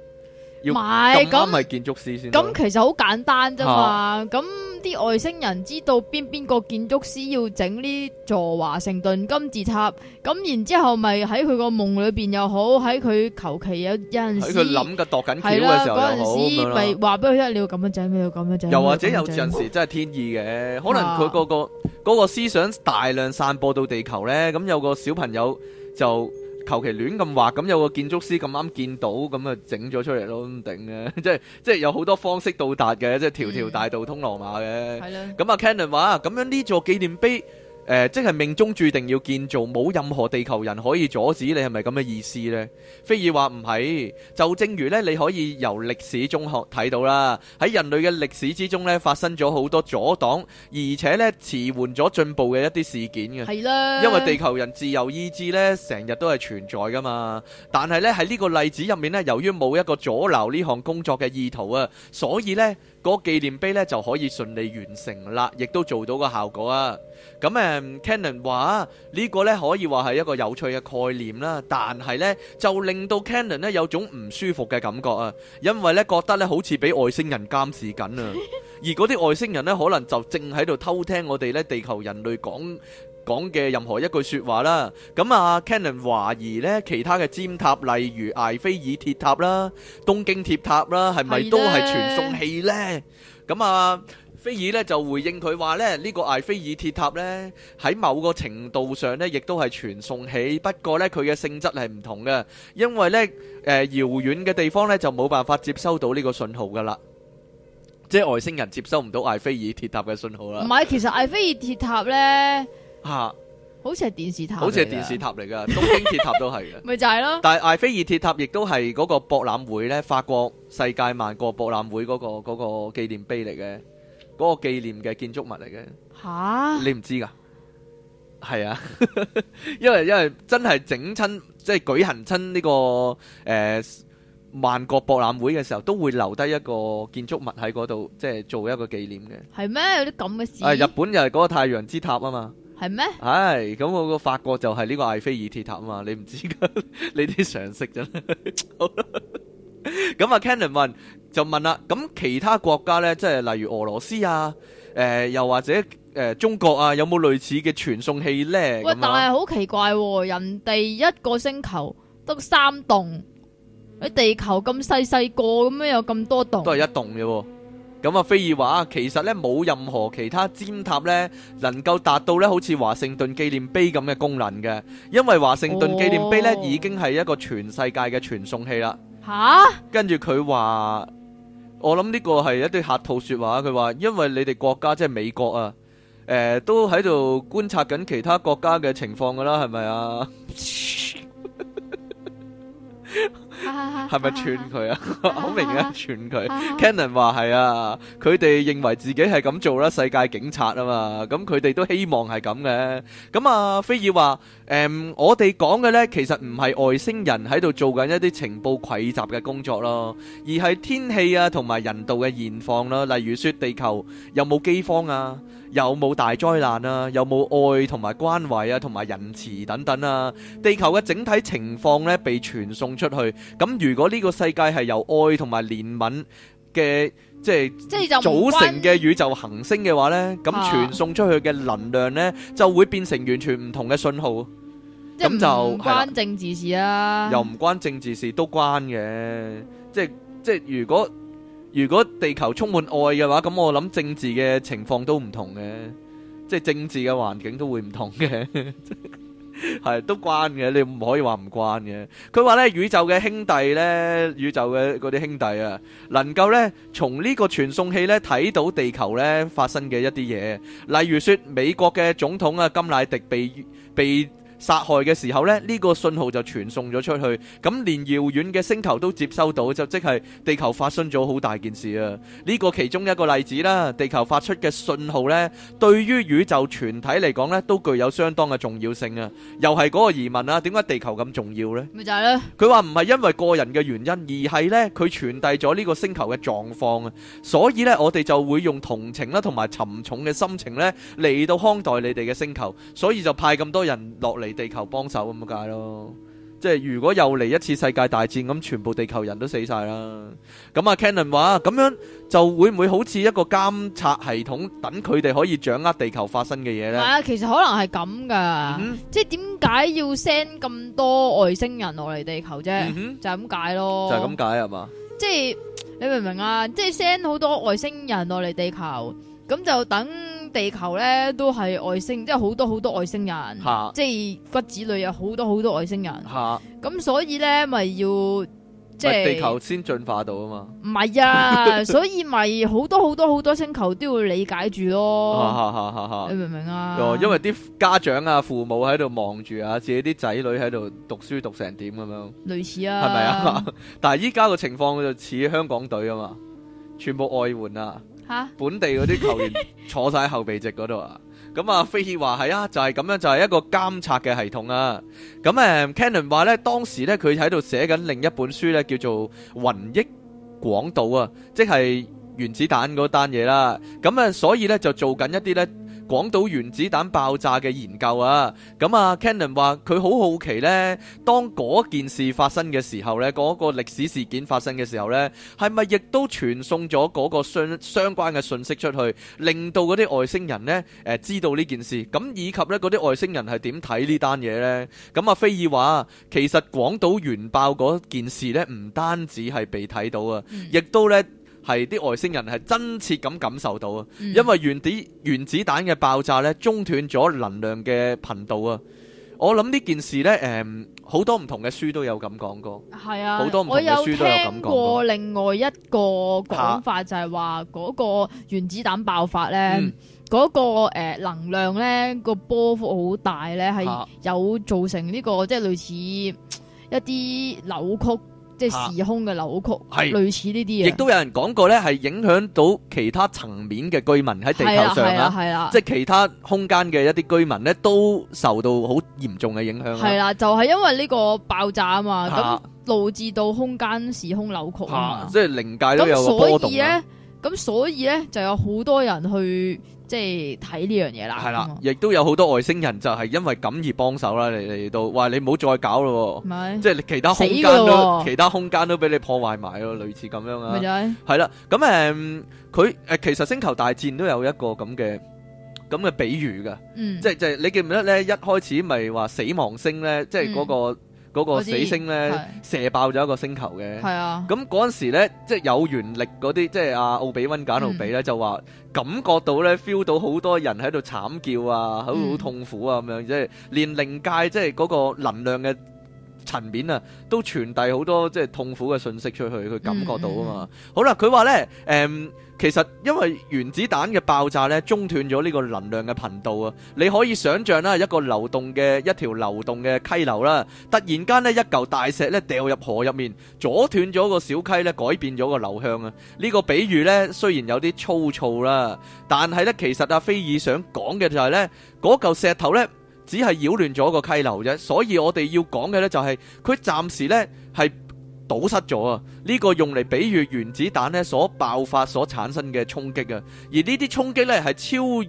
唔係，咁咪建築師先。咁其實好簡單啫嘛。咁啲外星人知道邊邊個建築師要整呢座華盛頓金字塔，咁然之後咪喺佢個夢裏邊又好，喺佢求其有有陣時喺佢諗嘅度緊橋嘅時候又好，咪話俾佢聽，你要咁樣整，你要咁樣整。又或者有陣時真係天意嘅，可能佢個個嗰個思想大量散播到地球咧。咁有個小朋友就。求其亂咁畫，咁有個建築師咁啱見到，咁啊整咗出嚟咯，咁頂嘅， [laughs] 即係即係有好多方式到達嘅，即係條條大道通羅馬嘅。係咧、嗯。咁啊，Cannon 話，咁樣呢座紀念碑。誒、呃，即係命中注定要建造，冇任何地球人可以阻止你，你係咪咁嘅意思呢？菲爾話唔係，就正如咧，你可以由歷史中學睇到啦，喺人類嘅歷史之中咧，發生咗好多阻擋，而且呢，遲緩咗進步嘅一啲事件嘅。係啦。因為地球人自由意志咧，成日都係存在噶嘛。但係呢，喺呢個例子入面咧，由於冇一個阻撓呢項工作嘅意圖啊，所以呢嗰紀念碑咧就可以順利完成啦，亦都做到個效果啊。咁誒、嗯、Cannon 話呢、呢個咧可以話係一個有趣嘅概念啦，但係呢就令到 Cannon 咧有種唔舒服嘅感覺啊，因為咧覺得咧好似俾外星人監視緊啊， [laughs] 而嗰啲外星人咧可能就正喺度偷聽我哋咧地球人類講講嘅任何一句説話啦。咁、嗯、啊，Cannon 懷疑呢其他嘅尖塔，例如埃菲爾鐵塔啦、東京鐵塔啦，係咪都係傳送器呢？咁的、嗯、啊～菲爾咧就回應佢話咧，呢個艾菲爾鐵塔咧喺某個程度上咧，亦都係傳送器。不過咧佢嘅性質係唔同嘅，因為咧誒遙遠嘅地方咧就冇辦法接收到呢個信號噶啦，即係外星人接收唔到艾菲爾鐵塔嘅信號啦。唔係，其實艾菲爾鐵塔咧嚇， [laughs] 好似係電視塔，好似係電視塔嚟噶，東京鐵塔都係嘅，咪 [laughs] 就係咯。但係艾菲爾鐵塔亦都係嗰個博覽會咧，法國世界萬國博覽會嗰個嗰個嗰個紀念碑嚟嘅。嗰個紀念嘅建築物嚟嘅，吓哈你唔知噶？係啊 [laughs] 因，因為因為真係整親，即、就、係、是、舉行親呢、這個誒、呃、萬國博覽會嘅時候，都會留低一個建築物喺嗰度，即、就、係、是、做一個紀念嘅。係咩？有啲咁嘅事、哎？日本又係嗰個太陽之塔啊嘛？係咩嗎？唉、哎、咁，我個法國就係呢個艾菲爾鐵塔啊嘛？你唔知噶？ [laughs] 你啲常識啫。 [laughs] 醜了笑咁啊 [laughs] Cannon 問就問啦。咁其他國家呢？即係例如俄羅斯啊，誒、呃，又或者誒、呃，中國啊，有冇類似嘅傳送器呢？喂」哇！但係好奇怪、哦，人哋一個星球得三棟，喺地球咁細細個，咁樣有咁多棟都係一棟嘅。咁啊，菲爾話其實呢，冇任何其他尖塔呢能夠達到呢好似華盛頓紀念碑咁嘅功能嘅，因為華盛頓紀念碑呢、哦、已經係一個全世界嘅傳送器啦。吓！哈跟住佢話，我諗呢個係一對客套說話。佢話，因為你哋國家即係美國啊，誒、呃，都喺度觀察緊其他國家嘅情況噶啦，係咪啊？ [laughs] [laughs] 係咪串佢啊？好明顯串佢。Canon 話係啊，佢哋認為自己係咁做啦，世界警察啊嘛。咁佢哋都希望係咁嘅。咁啊，菲爾話誒，我哋講嘅呢，其實唔係外星人喺度做緊一啲情報蒐集嘅工作咯，而係天氣啊，同埋人道嘅現況啦。例如説，地球有冇饑荒啊？有冇大災難啊？有冇愛同埋關懷啊？同埋仁慈等等啊？地球嘅整體情況呢，被傳送出去。咁如果呢個世界係由愛同埋憐憫嘅，即係組成嘅宇宙行星嘅話呢咁、啊、傳送出去嘅能量呢，就會變成完全唔同嘅信號。咁就唔關政治事啊，又唔關政治事都關嘅、嗯。即係即係如果如果地球充滿愛嘅話，咁我諗政治嘅情況都唔同嘅，即係政治嘅環境都會唔同嘅。 [laughs] 係都關嘅，你唔可以話唔關嘅。佢話咧，宇宙嘅兄弟咧，宇宙嘅嗰啲兄弟啊，能夠咧從呢個傳送器咧睇到地球咧發生嘅一啲嘢，例如說美國嘅總統啊，甘乃迪被被殺害嘅時候咧，呢個信號就傳送咗出去，咁連遙遠嘅星球都接收到，就即係地球發生咗好大件事啊！呢個其中一個例子啦，地球發出嘅信號咧，對於宇宙全體嚟講咧，都具有相當嘅重要性啊！又係嗰個疑問啊，點解地球咁重要咧？咪就係啦，佢話唔係因為個人嘅原因，而係咧佢傳遞咗呢個星球嘅狀況啊！所以咧，我哋就會用同情啦，同埋沉重嘅心情咧嚟到看待你哋嘅星球，所以就派咁多人落嚟。地球幫手咁解咯，即係如果又嚟一次世界大戰咁，全部地球人都死晒啦。咁啊，Cannon 話咁樣就會唔會好似一個監察系統，等佢哋可以掌握地球發生嘅嘢咧？係啊，其實可能係咁㗎，即係點解要 send 咁多外星人落嚟地球啫？就係咁解咯，就係咁解係嘛？即係你明唔明啊？即係 send 好多外星人落嚟地球，咁就等。地球咧都係外星，即係好多好多外星人，啊、即係骨子裏有好多好多外星人，咁、啊、所以咧咪、就是、要即係、就是、地球先進化到啊嘛？唔係啊， [laughs] 所以咪好多好多好多星球都要理解住咯。啊啊啊啊、你明唔明啊？因為啲家長啊、父母喺度望住啊，自己啲仔女喺度讀書讀成點咁樣，樣？類似啊，係咪啊？ [laughs] 但係依家個情況就似香港隊啊嘛，全部外援啊。本地嗰啲球員坐曬後備席嗰度啊，咁啊，菲切話係啊，就係咁樣，就係一個監察嘅系統啊。咁誒，Cannon 話咧，當時咧佢喺度寫緊另一本書咧，叫做《雲憶廣島》啊，即係原子彈嗰單嘢啦。咁啊，所以咧就做緊一啲咧。廣島原子彈爆炸嘅研究啊，咁啊，Cannon 話佢好好奇呢。當嗰件事發生嘅時候呢，嗰、那個歷史事件發生嘅時候呢，係咪亦都傳送咗嗰個相相關嘅信息出去，令到嗰啲外星人呢誒、呃、知道呢件事，咁、啊、以及呢，嗰啲外星人係點睇呢單嘢呢？咁啊，菲爾話其實廣島原爆嗰件事呢，唔單止係被睇到啊，亦都呢。係啲外星人係真切咁感受到啊，嗯、因為原子原子彈嘅爆炸咧中斷咗能量嘅頻道啊。我諗呢件事咧，誒、嗯、好多唔同嘅書都有咁講過。係啊，好多唔同嘅書都有咁講過。另外一個講法就係話嗰個原子彈爆發咧，嗰、嗯個誒、呃、能量咧、個波幅好大咧，係有造成呢、個即係類似一啲扭曲。即係時空嘅扭曲，是類似呢啲嘢。亦都有人講過咧，係影響到其他層面嘅居民喺地球上啦、啊，啊啊啊、即係其他空間嘅一啲居民咧，都受到好嚴重嘅影響、啊。係啦、啊，就係、是、因為呢個爆炸啊嘛，咁、啊、導致到空間時空扭曲啊嘛，即係、啊、靈界都有個波動啦、啊、所以咧，咁所以咧就有好多人去。即係睇呢樣嘢啦，係啦、嗯，了亦都有好多外星人就係因為咁而幫手啦，嚟嚟到話，你唔好再搞咯，是即係其他空間都其他空間都俾你破壞埋咯，類似咁樣啊，係啦，咁誒，佢誒、嗯，其實星球大戰都有一個咁嘅咁嘅比喻噶，嗯、即係即係你記唔記得咧？一開始咪話死亡星咧，即係嗰個。嗯嗰個死星咧射爆咗一個星球嘅，咁嗰陣時咧，即係有原力嗰啲，即係、啊、阿奧比溫、簡諾比咧，就話感覺到咧，feel 到好多人喺度慘叫啊，好好痛苦啊咁樣，即係連靈界即係嗰個能量嘅層面啊，都傳遞好多即係痛苦嘅信息出去，佢感覺到啊嘛。嗯、好啦，佢話咧，誒、嗯。其實因為原子彈嘅爆炸咧，中斷咗呢個能量嘅頻道啊！你可以想象啦，一個流動嘅一條流動嘅溪流啦，突然間呢，一嚿大石咧掉入河入面，阻斷咗個小溪咧，改變咗個流向啊！呢、這個比喻呢，雖然有啲粗糙啦，但係呢，其實阿菲爾想講嘅就係、是、呢，嗰嚿石頭呢，只係擾亂咗個溪流啫，所以我哋要講嘅、就是、呢，就係佢暫時呢係。堵塞咗啊！呢、這個用嚟，比喻原子彈咧所爆發所產生嘅衝擊啊，而呢啲衝擊咧係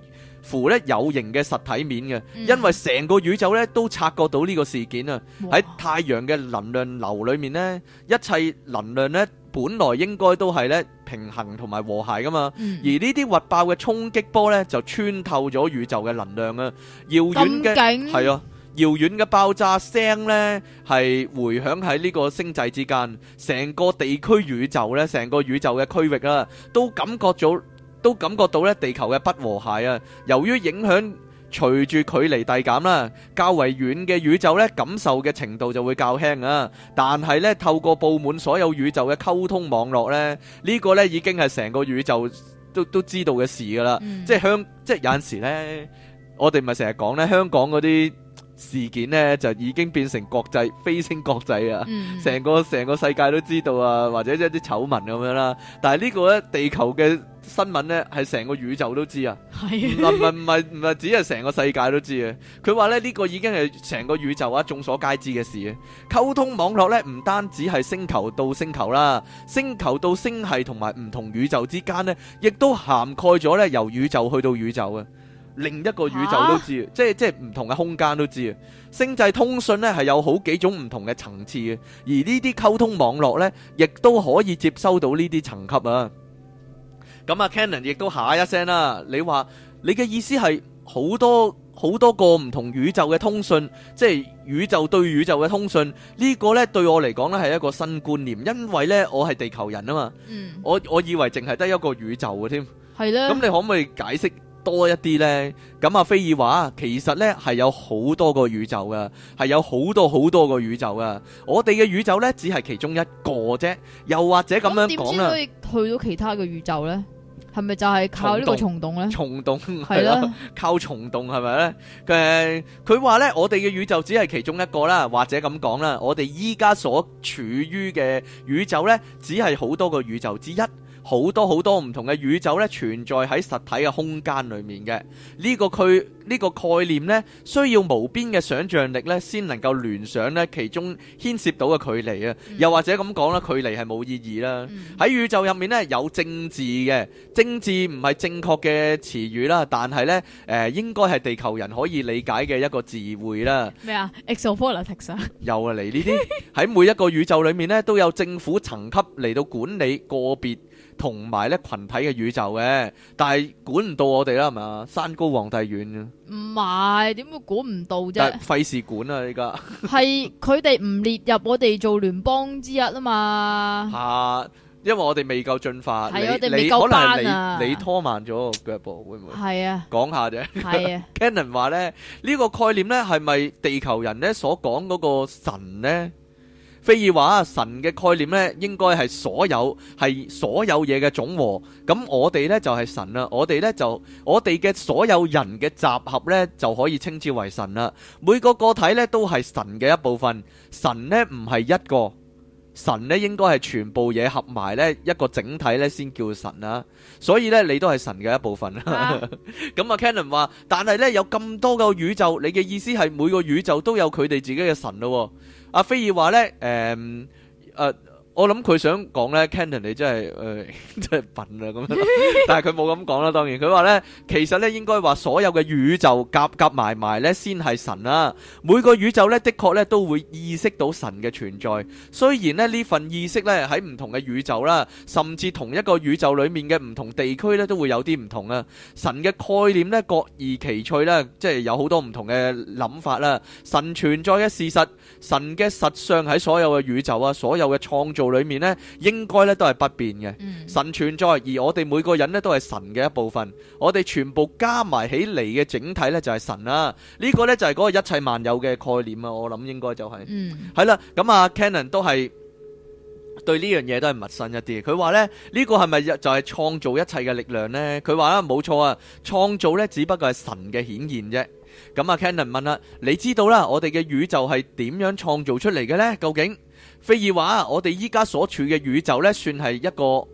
超乎咧有形嘅實體面嘅，嗯、因為成個宇宙咧都察覺到呢個事件啊！喺哇太陽嘅能量流裏面咧，一切能量咧本來應該都係咧平衡同埋和諧噶嘛，嗯、而呢啲核爆嘅衝擊波咧就穿透咗宇宙嘅能量啊，遙遠嘅係啊！遙遠嘅爆炸聲呢，係回響喺呢個星際之間，成個地區宇宙呢，成個宇宙嘅區域啊，都感覺咗，都感覺到呢地球嘅不和諧啊。由於影響隨住距離遞減啦、啊，較為遠嘅宇宙呢，感受嘅程度就會較輕啊。但係呢，透過布滿所有宇宙嘅溝通網絡呢，呢、呢個呢已經係成個宇宙都都知道嘅事噶啦、嗯。即係香，即係有陣時呢，我哋咪成日講呢香港嗰啲。事件呢，就已經變成國際飛升國際啊！成、嗯、個成個世界都知道啊，或者一啲醜聞咁樣啦。但係呢個呢，地球嘅新聞呢，係成個宇宙都知啊。唔係唔係唔係只係成個世界都知啊。佢話呢，呢、呢個已經係成個宇宙啊眾所皆知嘅事啊！溝通網絡呢，唔單止係星球到星球啦，星球到星係同埋唔同宇宙之間呢，亦都涵蓋咗呢，由宇宙去到宇宙啊！另一個宇宙都知、啊即，即係即係唔同嘅空間都知。星際通訊咧係有好幾種唔同嘅層次嘅，而呢啲溝通網絡呢，亦都可以接收到呢啲層級、嗯、啊。咁啊 Cannon 亦都嚇一聲啦。你話你嘅意思係好多好多個唔同宇宙嘅通訊，即係宇宙對宇宙嘅通訊呢、這個呢，對我嚟講咧係一個新觀念，因為呢，我係地球人啊嘛。嗯，我我以為淨係得一個宇宙嘅添。係咁、嗯、你可唔可以解釋？多一啲呢，咁啊菲爾話，其實呢，係有好多個宇宙噶係有好多好多個宇宙噶。我哋嘅宇宙呢，只係其中一個啫。又或者咁樣講啦，所以去到其他嘅宇宙呢，係咪就係靠呢個蟲洞呢？蟲洞係啦， [laughs] 靠蟲洞係咪咧？佢話呢，呢，我哋嘅宇宙只係其中一個啦，或者咁講啦，我哋依家所處於嘅宇宙呢，只係好多個宇宙之一。好多好多唔同嘅宇宙咧，存在喺實體嘅空間裏面嘅。呢個區呢個概念咧，需要無邊嘅想像力咧，先能夠聯想，咧其中牽涉到嘅距離啊，又或者咁講啦，距離係冇意義啦。喺宇宙入面咧，有政治嘅，政治唔係正確嘅詞語啦，但係咧誒應該係地球人可以理解嘅一個字匯啦。咩啊？Exopolitics 啊？又係嚟呢啲。喺每一個宇宙裏面咧，都有政府層級嚟到管理個別。同埋咧群體嘅宇宙嘅，但係管唔到我哋啦，係咪？山高皇帝遠啊！唔係點會管唔到啫？費事管啊！依家係佢哋唔列入我哋做聯邦之一啊嘛！啊，因為我哋未夠進化，係、啊、你我哋未夠班、啊、你，你，你拖慢咗腳步會唔會？係啊，講下啫。係啊 [laughs] ，Canon n 話咧，呢、呢個概念咧係咪地球人咧所講嗰個神咧？非爾話神嘅概念呢，應該係所有係所有嘢嘅總和。咁我哋呢就係、是、神啦，我哋呢就我哋嘅所有人嘅集合呢就可以稱之為神啦。每個個體呢都係神嘅一部分。神呢唔係一個，神呢應該係全部嘢合埋呢一個整體呢先叫神啦。所以呢你都係神嘅一部分啦。咁啊，Cannon、 [laughs] 嗯、話，但係呢有咁多個宇宙，你嘅意思係每個宇宙都有佢哋自己嘅神咯、哦。阿飛爾話咧，誒、呃。誒、呃。我諗佢想講咧，Cantor 你真係誒、哎、真係笨啊咁樣，但係佢冇咁講啦。當然佢話咧，其實咧應該話所有嘅宇宙夾夾埋埋咧，先係神啦、啊。每個宇宙咧的確咧都會意識到神嘅存在，雖然咧呢份意識咧喺唔同嘅宇宙啦，甚至同一個宇宙裏面嘅唔同地區咧都會有啲唔同啊。神嘅概念咧各異其趣啦，即係有好多唔同嘅諗法啦。神存在嘅事實，神嘅實相喺所有嘅宇宙啊，所有嘅創造。道裏面咧，應該咧都係不變嘅。神存在，而我哋每個人咧都係神嘅一部分。我哋全部加埋起嚟嘅整體呢，就係、是、神啦、啊。呢、這個呢，就係、是、嗰個一切萬有嘅概念啊。我諗應該就係係啦。咁、 [noise] 嗯嗯、啊，Canon 都係對呢樣嘢都係陌生一啲。佢話呢，呢、這個係咪就係創造一切嘅力量呢？佢話咧冇錯啊，創造呢，只不過係神嘅顯現啫。咁啊，Cannon 問啦，你知道啦，我哋嘅宇宙係點樣創造出嚟嘅呢？究竟非？菲爾話我哋依家所處嘅宇宙呢，算係一個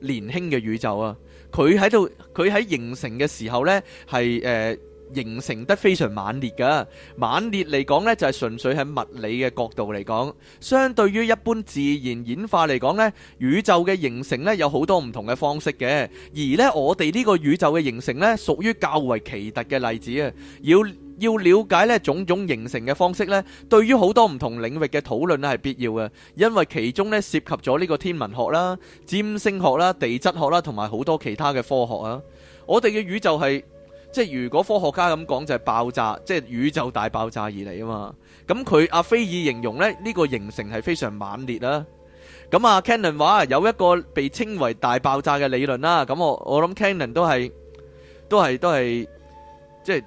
年輕嘅宇宙啊！佢喺度，佢喺形成嘅時候呢，係、呃、誒。形成得非常猛烈㗎，猛烈嚟講呢，就係純粹喺物理嘅角度嚟講，相對於一般自然演化嚟講呢，宇宙嘅形成呢，有好多唔同嘅方式嘅，而呢，我哋呢個宇宙嘅形成呢，屬於較為奇特嘅例子啊！要要了解呢種種形成嘅方式呢，對於好多唔同領域嘅討論呢，係必要嘅，因為其中呢，涉及咗呢個天文學啦、占星學啦、地質學啦同埋好多其他嘅科學啊！我哋嘅宇宙係。即係如果科學家咁講就係爆炸，即係宇宙大爆炸而嚟啊嘛。咁佢阿菲爾形容咧，呢、這個形成係非常猛烈啦、啊。咁啊，Cannon 話有一個被稱為大爆炸嘅理論啦、啊。咁我我諗 Cannon 都係都係都係即係。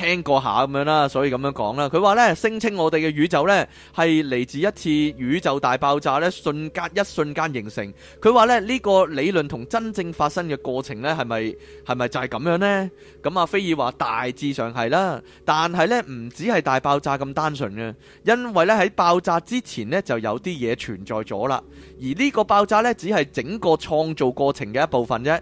聽過下咁樣啦，所以咁樣講啦。佢話呢，聲稱我哋嘅宇宙呢係嚟自一次宇宙大爆炸呢，瞬間一瞬間形成。佢話呢，呢個理論同真正發生嘅過程呢係咪係咪就係咁樣呢？咁阿菲爾話大致上係啦，但係呢唔只係大爆炸咁單純嘅，因為呢喺爆炸之前呢就有啲嘢存在咗啦，而呢個爆炸呢，只係整個創造過程嘅一部分啫。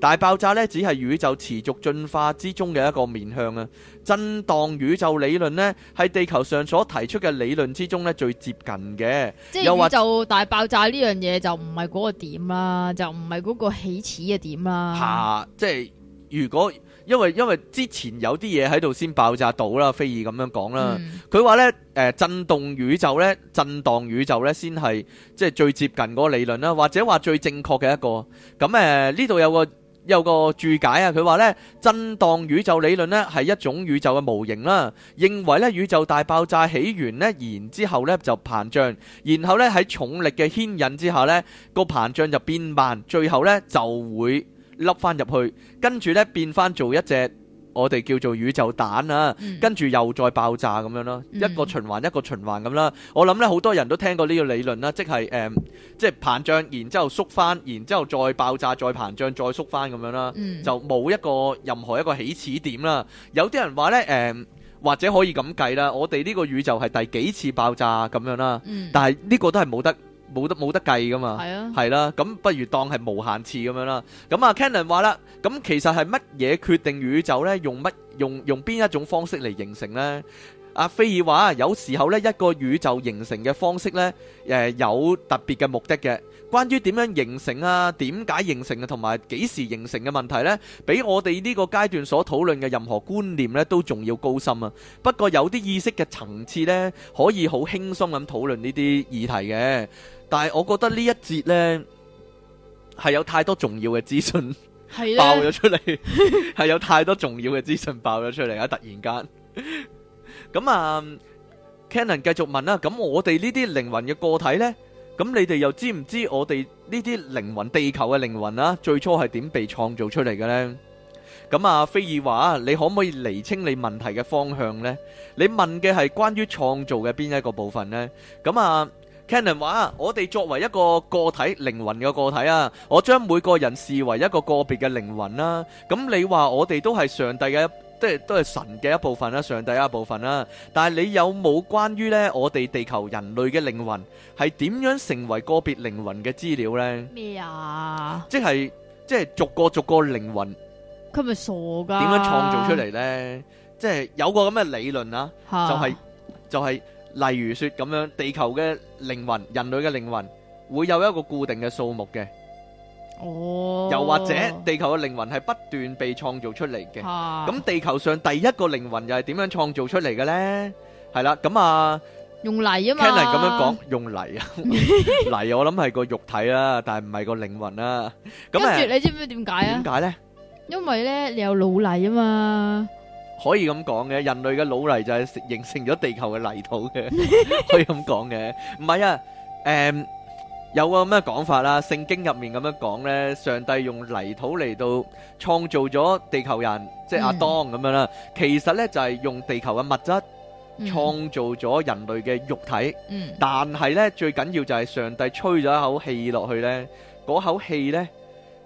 大爆炸呢，只係宇宙持續進化之中嘅一個面向啊！震盪宇宙理論呢，係地球上所提出嘅理論之中呢，最接近嘅。即係話，就大爆炸呢樣嘢就唔係嗰個點啦，就唔係嗰個起始嘅點啦。嚇、啊！即係如果因為因為之前有啲嘢喺度先爆炸到啦，菲爾咁樣講啦。佢話、嗯、呢，誒、呃、震動宇宙呢，震盪宇宙呢，先係即係最接近嗰個理論啦、啊，或者話最正確嘅一個。咁誒呢度有個。呃有個注解啊，佢話呢，震盪宇宙理論呢，係一種宇宙嘅模型啦，認為呢，宇宙大爆炸起源呢，然之後呢就膨脹，然後呢喺重力嘅牽引之下呢個膨脹就變慢，最後呢就會凹翻入去，跟住呢變翻做一隻。我哋叫做宇宙蛋啊，跟住又再爆炸咁樣咯，一個循環一個循環咁啦。我諗咧好多人都聽過呢個理論啦，即係誒、呃、即係膨脹，然之後縮翻，然之後再爆炸，再膨脹再縮翻咁樣啦，就冇一個任何一個起始點啦。有啲人話呢，誒、呃、或者可以咁計啦，我哋呢個宇宙係第幾次爆炸咁樣啦？但係呢個都係冇得。冇得冇得計噶嘛，係啊，係啦，咁不如當係無限次咁樣啦。咁啊，Cannon 話啦，咁其實係乜嘢決定宇宙咧？用乜用用邊一種方式嚟形成咧？阿菲爾話啊，有時候咧一個宇宙形成嘅方式咧，誒有特別嘅目的嘅。關於點樣形成啊，點解形成啊，同埋幾時形成嘅問題呢？比我哋呢個階段所討論嘅任何觀念呢，都仲要高深啊。不過有啲意識嘅層次呢，可以好輕鬆咁討論呢啲議題嘅。但係我覺得呢一節呢，係有太多重要嘅資訊爆咗出嚟，係 [laughs] [laughs] 有太多重要嘅資訊爆咗出嚟啊！突然間、 [laughs] 啊，咁啊，Cannon 繼續問啦、啊，「咁我哋呢啲靈魂嘅個體呢？」咁你哋又知唔知我哋呢啲靈魂、地球嘅靈魂啊，最初係點被創造出嚟嘅咧？咁啊，菲爾話，你可唔可以釐清你問題嘅方向咧？你問嘅係關於創造嘅邊一個部分咧？咁啊，Cannon 話，我哋作為一個個體靈魂嘅個體啊，我將每個人視為一個個別嘅靈魂啦。咁你話我哋都係上帝嘅？即係都係神嘅一部分啦，上帝一部分啦。但係你有冇關於咧我哋地球人類嘅靈魂係點樣成為個別靈魂嘅資料咧？咩啊？即係即係逐個逐個靈魂，佢咪傻噶？點樣創造出嚟咧？即係有個咁嘅理論啦，就係就係例如說咁樣，地球嘅靈魂、人類嘅靈魂會有一個固定嘅數目嘅。哦，又或者地球嘅靈魂係不斷被創造出嚟嘅，咁地球上第一個靈魂又係點樣創造出嚟嘅咧？係啦，咁啊，用泥啊嘛，聽咁樣講用泥啊，泥我諗係個肉體啦，但係唔係個靈魂啦。跟住你知唔知點解啊？點解咧？因為咧，你有老泥啊嘛，可以咁講嘅，人類嘅老泥就係形成咗地球嘅泥土嘅，可以咁講嘅。唔係啊，誒。有個咁嘅講法啦，聖經入面咁樣講咧，上帝用泥土嚟到創造咗地球人，即係阿當咁樣啦。其實咧就係用地球嘅物質創造咗人類嘅肉體，嗯，但係咧最緊要就係上帝吹咗一口氣落去咧，嗰口氣咧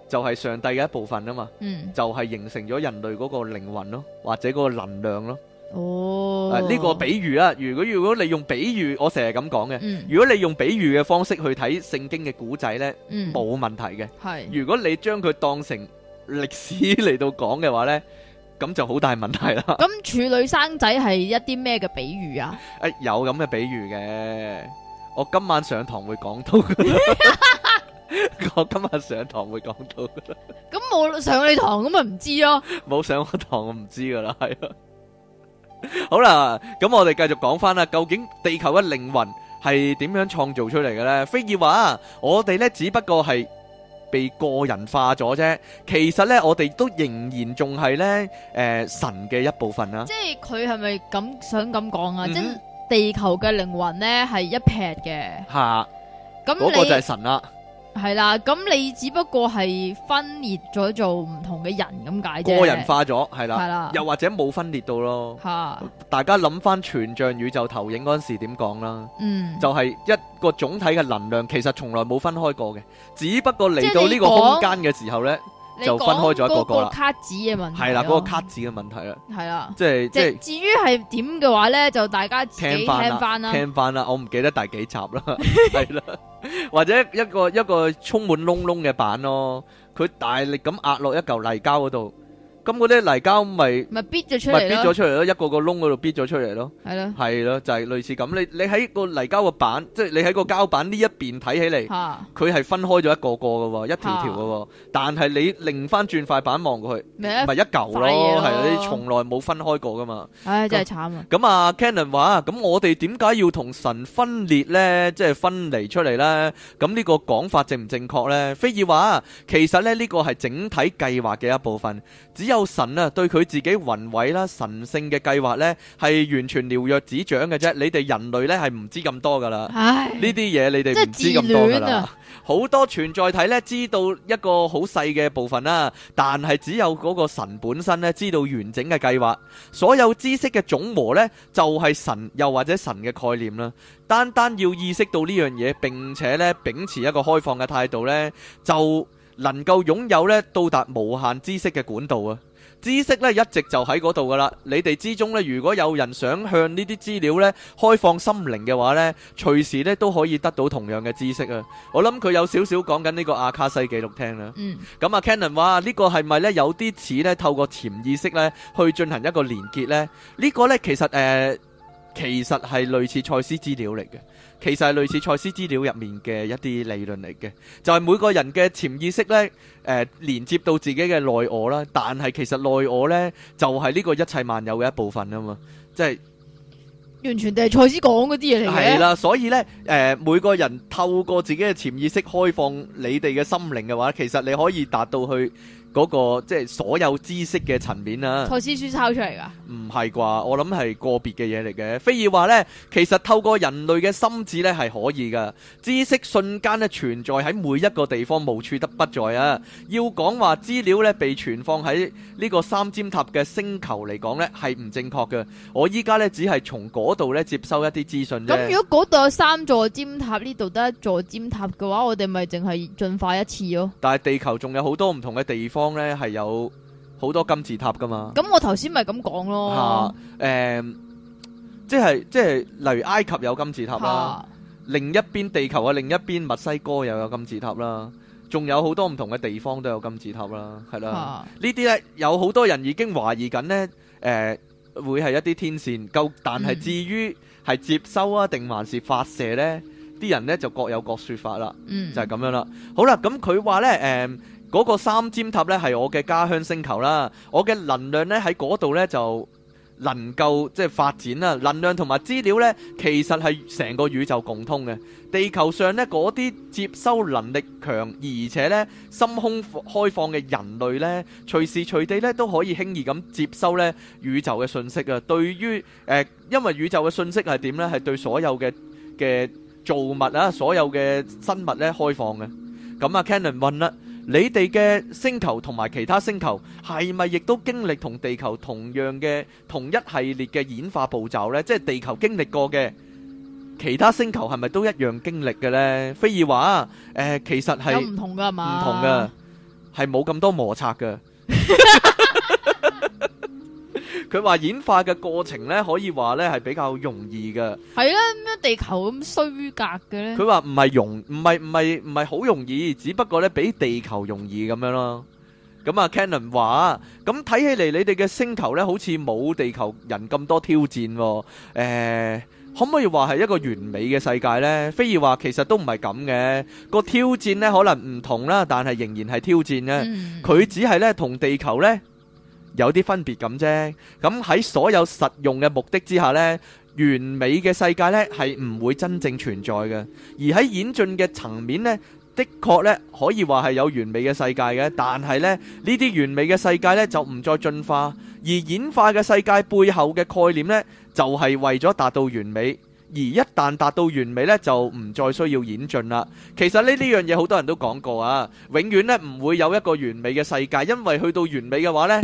就係上帝嘅一部分啊嘛，嗯，就係形成咗人類嗰個靈魂咯，或者嗰個能量咯。哦，呢、啊呢個比喻啊。如果如果你用比喻，我成日咁講嘅，嗯、如果你用比喻嘅方式去睇聖經嘅古仔呢，冇、嗯、問題嘅。係是，如果你將佢當成歷史嚟到講嘅話呢，咁就好大問題啦。咁處女生仔係一啲咩嘅比喻啊？誒、啊，有咁嘅比喻嘅，我今晚上堂會講到。 [laughs] [laughs] [laughs] 我今晚上堂會講到。咁冇上你堂，咁咪唔知咯。冇 [laughs] 上我堂，我唔知噶啦，係咯。好啦，咁我哋繼續講翻啦。究竟地球嘅靈魂係點樣創造出嚟嘅咧？菲爾話我哋咧只不過係被個人化咗啫，其實咧我哋都仍然仲係咧誒神嘅一部分啦。即係佢係咪咁想咁講啊？即係地球嘅靈魂咧係一撇嘅。吓，咁你嗰個就係神啦。係啦，咁你只不過係分裂咗做唔同嘅人咁解啫，個人化咗係啦，了又或者冇分裂到咯。吓哈，大家諗翻全像宇宙投影嗰陣時點講啦，嗯，就係一個總體嘅能量，其實從來冇分開過嘅，只不過嚟到呢個空間嘅時候咧。就分開咗一個個啦。係啦，嗰個卡紙嘅問題啦，啊。係啦，即係即係。至於係點嘅話咧，就大家自己聽翻啦，聽翻啦。我唔記得第幾集啦，係啦。 [laughs] [laughs] 或者一個一個充滿窿窿嘅板咯，佢大力咁壓落一嚿泥膠嗰度。咁嗰啲泥膠咪咪彆咗出嚟咯，咪彆咗出嚟咯，一個個窿嗰度彆咗出嚟咯，係咯，係咯，就係類似咁。你你喺個泥膠個板，即係你喺個膠板呢一邊睇起嚟，佢係分開咗一個個嘅喎，一條條嘅喎。但係你擰翻轉塊板望過去，咪一嚿咯，係你從來冇分開過噶嘛。唉，真係慘啊！咁啊，Cannon 話：，咁我哋點解要同神分裂咧？即係分離出嚟咧？咁呢個講法正唔正確咧？非爾話：，其實咧，呢個係整體計劃嘅一部分，只有神啦、啊，對佢自己宏偉啦、神聖嘅計劃咧，係完全了如指掌嘅啫。你哋人類咧係唔知咁多噶啦，呢啲嘢你哋唔、啊、知咁多噶啦。好多存在體咧知道一個好細嘅部分啦、啊，但係只有嗰個神本身咧知道完整嘅計劃。所有知識嘅總和咧就係、是、神，又或者神嘅概念啦。單單要意識到呢樣嘢，並且咧秉持一個開放嘅態度咧，就能夠擁有咧到達無限知識嘅管道啊！知識咧一直就喺嗰度噶啦，你哋之中咧，如果有人想向呢啲資料咧開放心靈嘅話咧，隨時咧都可以得到同樣嘅知識啊！我諗佢有少少講緊呢個阿卡西記錄聽啦。嗯，咁啊 Cannon 話呢個係咪咧有啲似咧透過潛意識咧去進行一個連結咧？這個、呢個咧其實誒，其實係、呃、類似賽斯資料嚟嘅。其實係類似賽斯資料入面嘅一啲理論嚟嘅，就係、是、每個人嘅潛意識咧，誒、呃、連接到自己嘅內我啦。但係其實內我呢，就係、是、呢個一切萬有嘅一部分啊嘛，即、就、係、是、完全就係賽斯講嗰啲嘢嚟嘅，係啦，所以呢，誒、呃、每個人透過自己嘅潛意識開放你哋嘅心靈嘅話，其實你可以達到去。嗰個即係所有知識嘅層面啊，台思書抄出嚟噶？唔係啩？我諗係個別嘅嘢嚟嘅。非爾話咧，其實透過人類嘅心智咧係可以噶，知識瞬間咧存在喺每一個地方，無處得不在啊！要講話資料咧被存放喺呢個三尖塔嘅星球嚟講咧係唔正確嘅。我依家咧只係從嗰度咧接收一啲資訊啫。咁如果嗰度有三座尖塔，呢度得一座尖塔嘅話，我哋咪淨係進化一次咯？但係地球仲有好多唔同嘅地方。方咧係有好多金字塔噶嘛，咁我頭先咪咁講咯。吓，誒，即係即係，例如埃及有金字塔啦，另一邊地球嘅另一邊墨西哥又有金字塔啦，仲有好多唔同嘅地方都有金字塔啦，係啦。呢啲咧有好多人已經懷疑緊咧，誒，會係一啲天綫，夠，但係至於係接收啊定還是發射咧，啲人咧就各有各說法啦。嗯，就係咁樣啦。好啦，咁佢話咧，誒。嗰個三尖塔咧係我嘅家鄉星球啦。我嘅能量咧喺嗰度咧就能夠即係發展啦。能量同埋資料咧其實係成個宇宙共通嘅。地球上咧嗰啲接收能力強而且咧心胸開放嘅人類咧，隨時隨地咧都可以輕易咁接收咧宇宙嘅信息啊。對於誒，因為宇宙嘅信息係點咧？係對所有嘅嘅造物啦，所有嘅生物咧開放嘅。咁啊，Canon One 啦。你哋嘅星球同埋其他星球係咪亦都經歷同地球同樣嘅同一系列嘅演化步驟呢？即係地球經歷過嘅，其他星球係咪都一樣經歷嘅呢？菲爾話誒，其實係有唔同噶，係嘛，唔同噶，係冇咁多摩擦噶。佢話演化嘅過程咧，可以話咧係比較容易嘅。係啊，咩地球咁衰格嘅咧？佢話唔係容，唔係唔係唔係好容易，只不過咧比地球容易咁樣咯。咁啊，Cannon 話咁睇起嚟，你哋嘅星球咧好似冇地球人咁多挑戰喎。誒，可唔可以話係一個完美嘅世界咧？菲爾話其實都唔係咁嘅，個挑戰咧可能唔同啦，但係仍然係挑戰咧。佢只係咧同地球咧，有啲分別咁啫，咁喺所有實用嘅目的之下呢，完美嘅世界呢係唔會真正存在嘅。而喺演進嘅層面呢，的確呢可以話係有完美嘅世界嘅，但係呢呢啲完美嘅世界呢就唔再進化，而演化嘅世界背後嘅概念呢就係為咗達到完美，而一旦達到完美呢就唔再需要演進啦。其實呢呢樣嘢好多人都講過啊，永遠呢唔會有一個完美嘅世界，因為去到完美嘅話呢。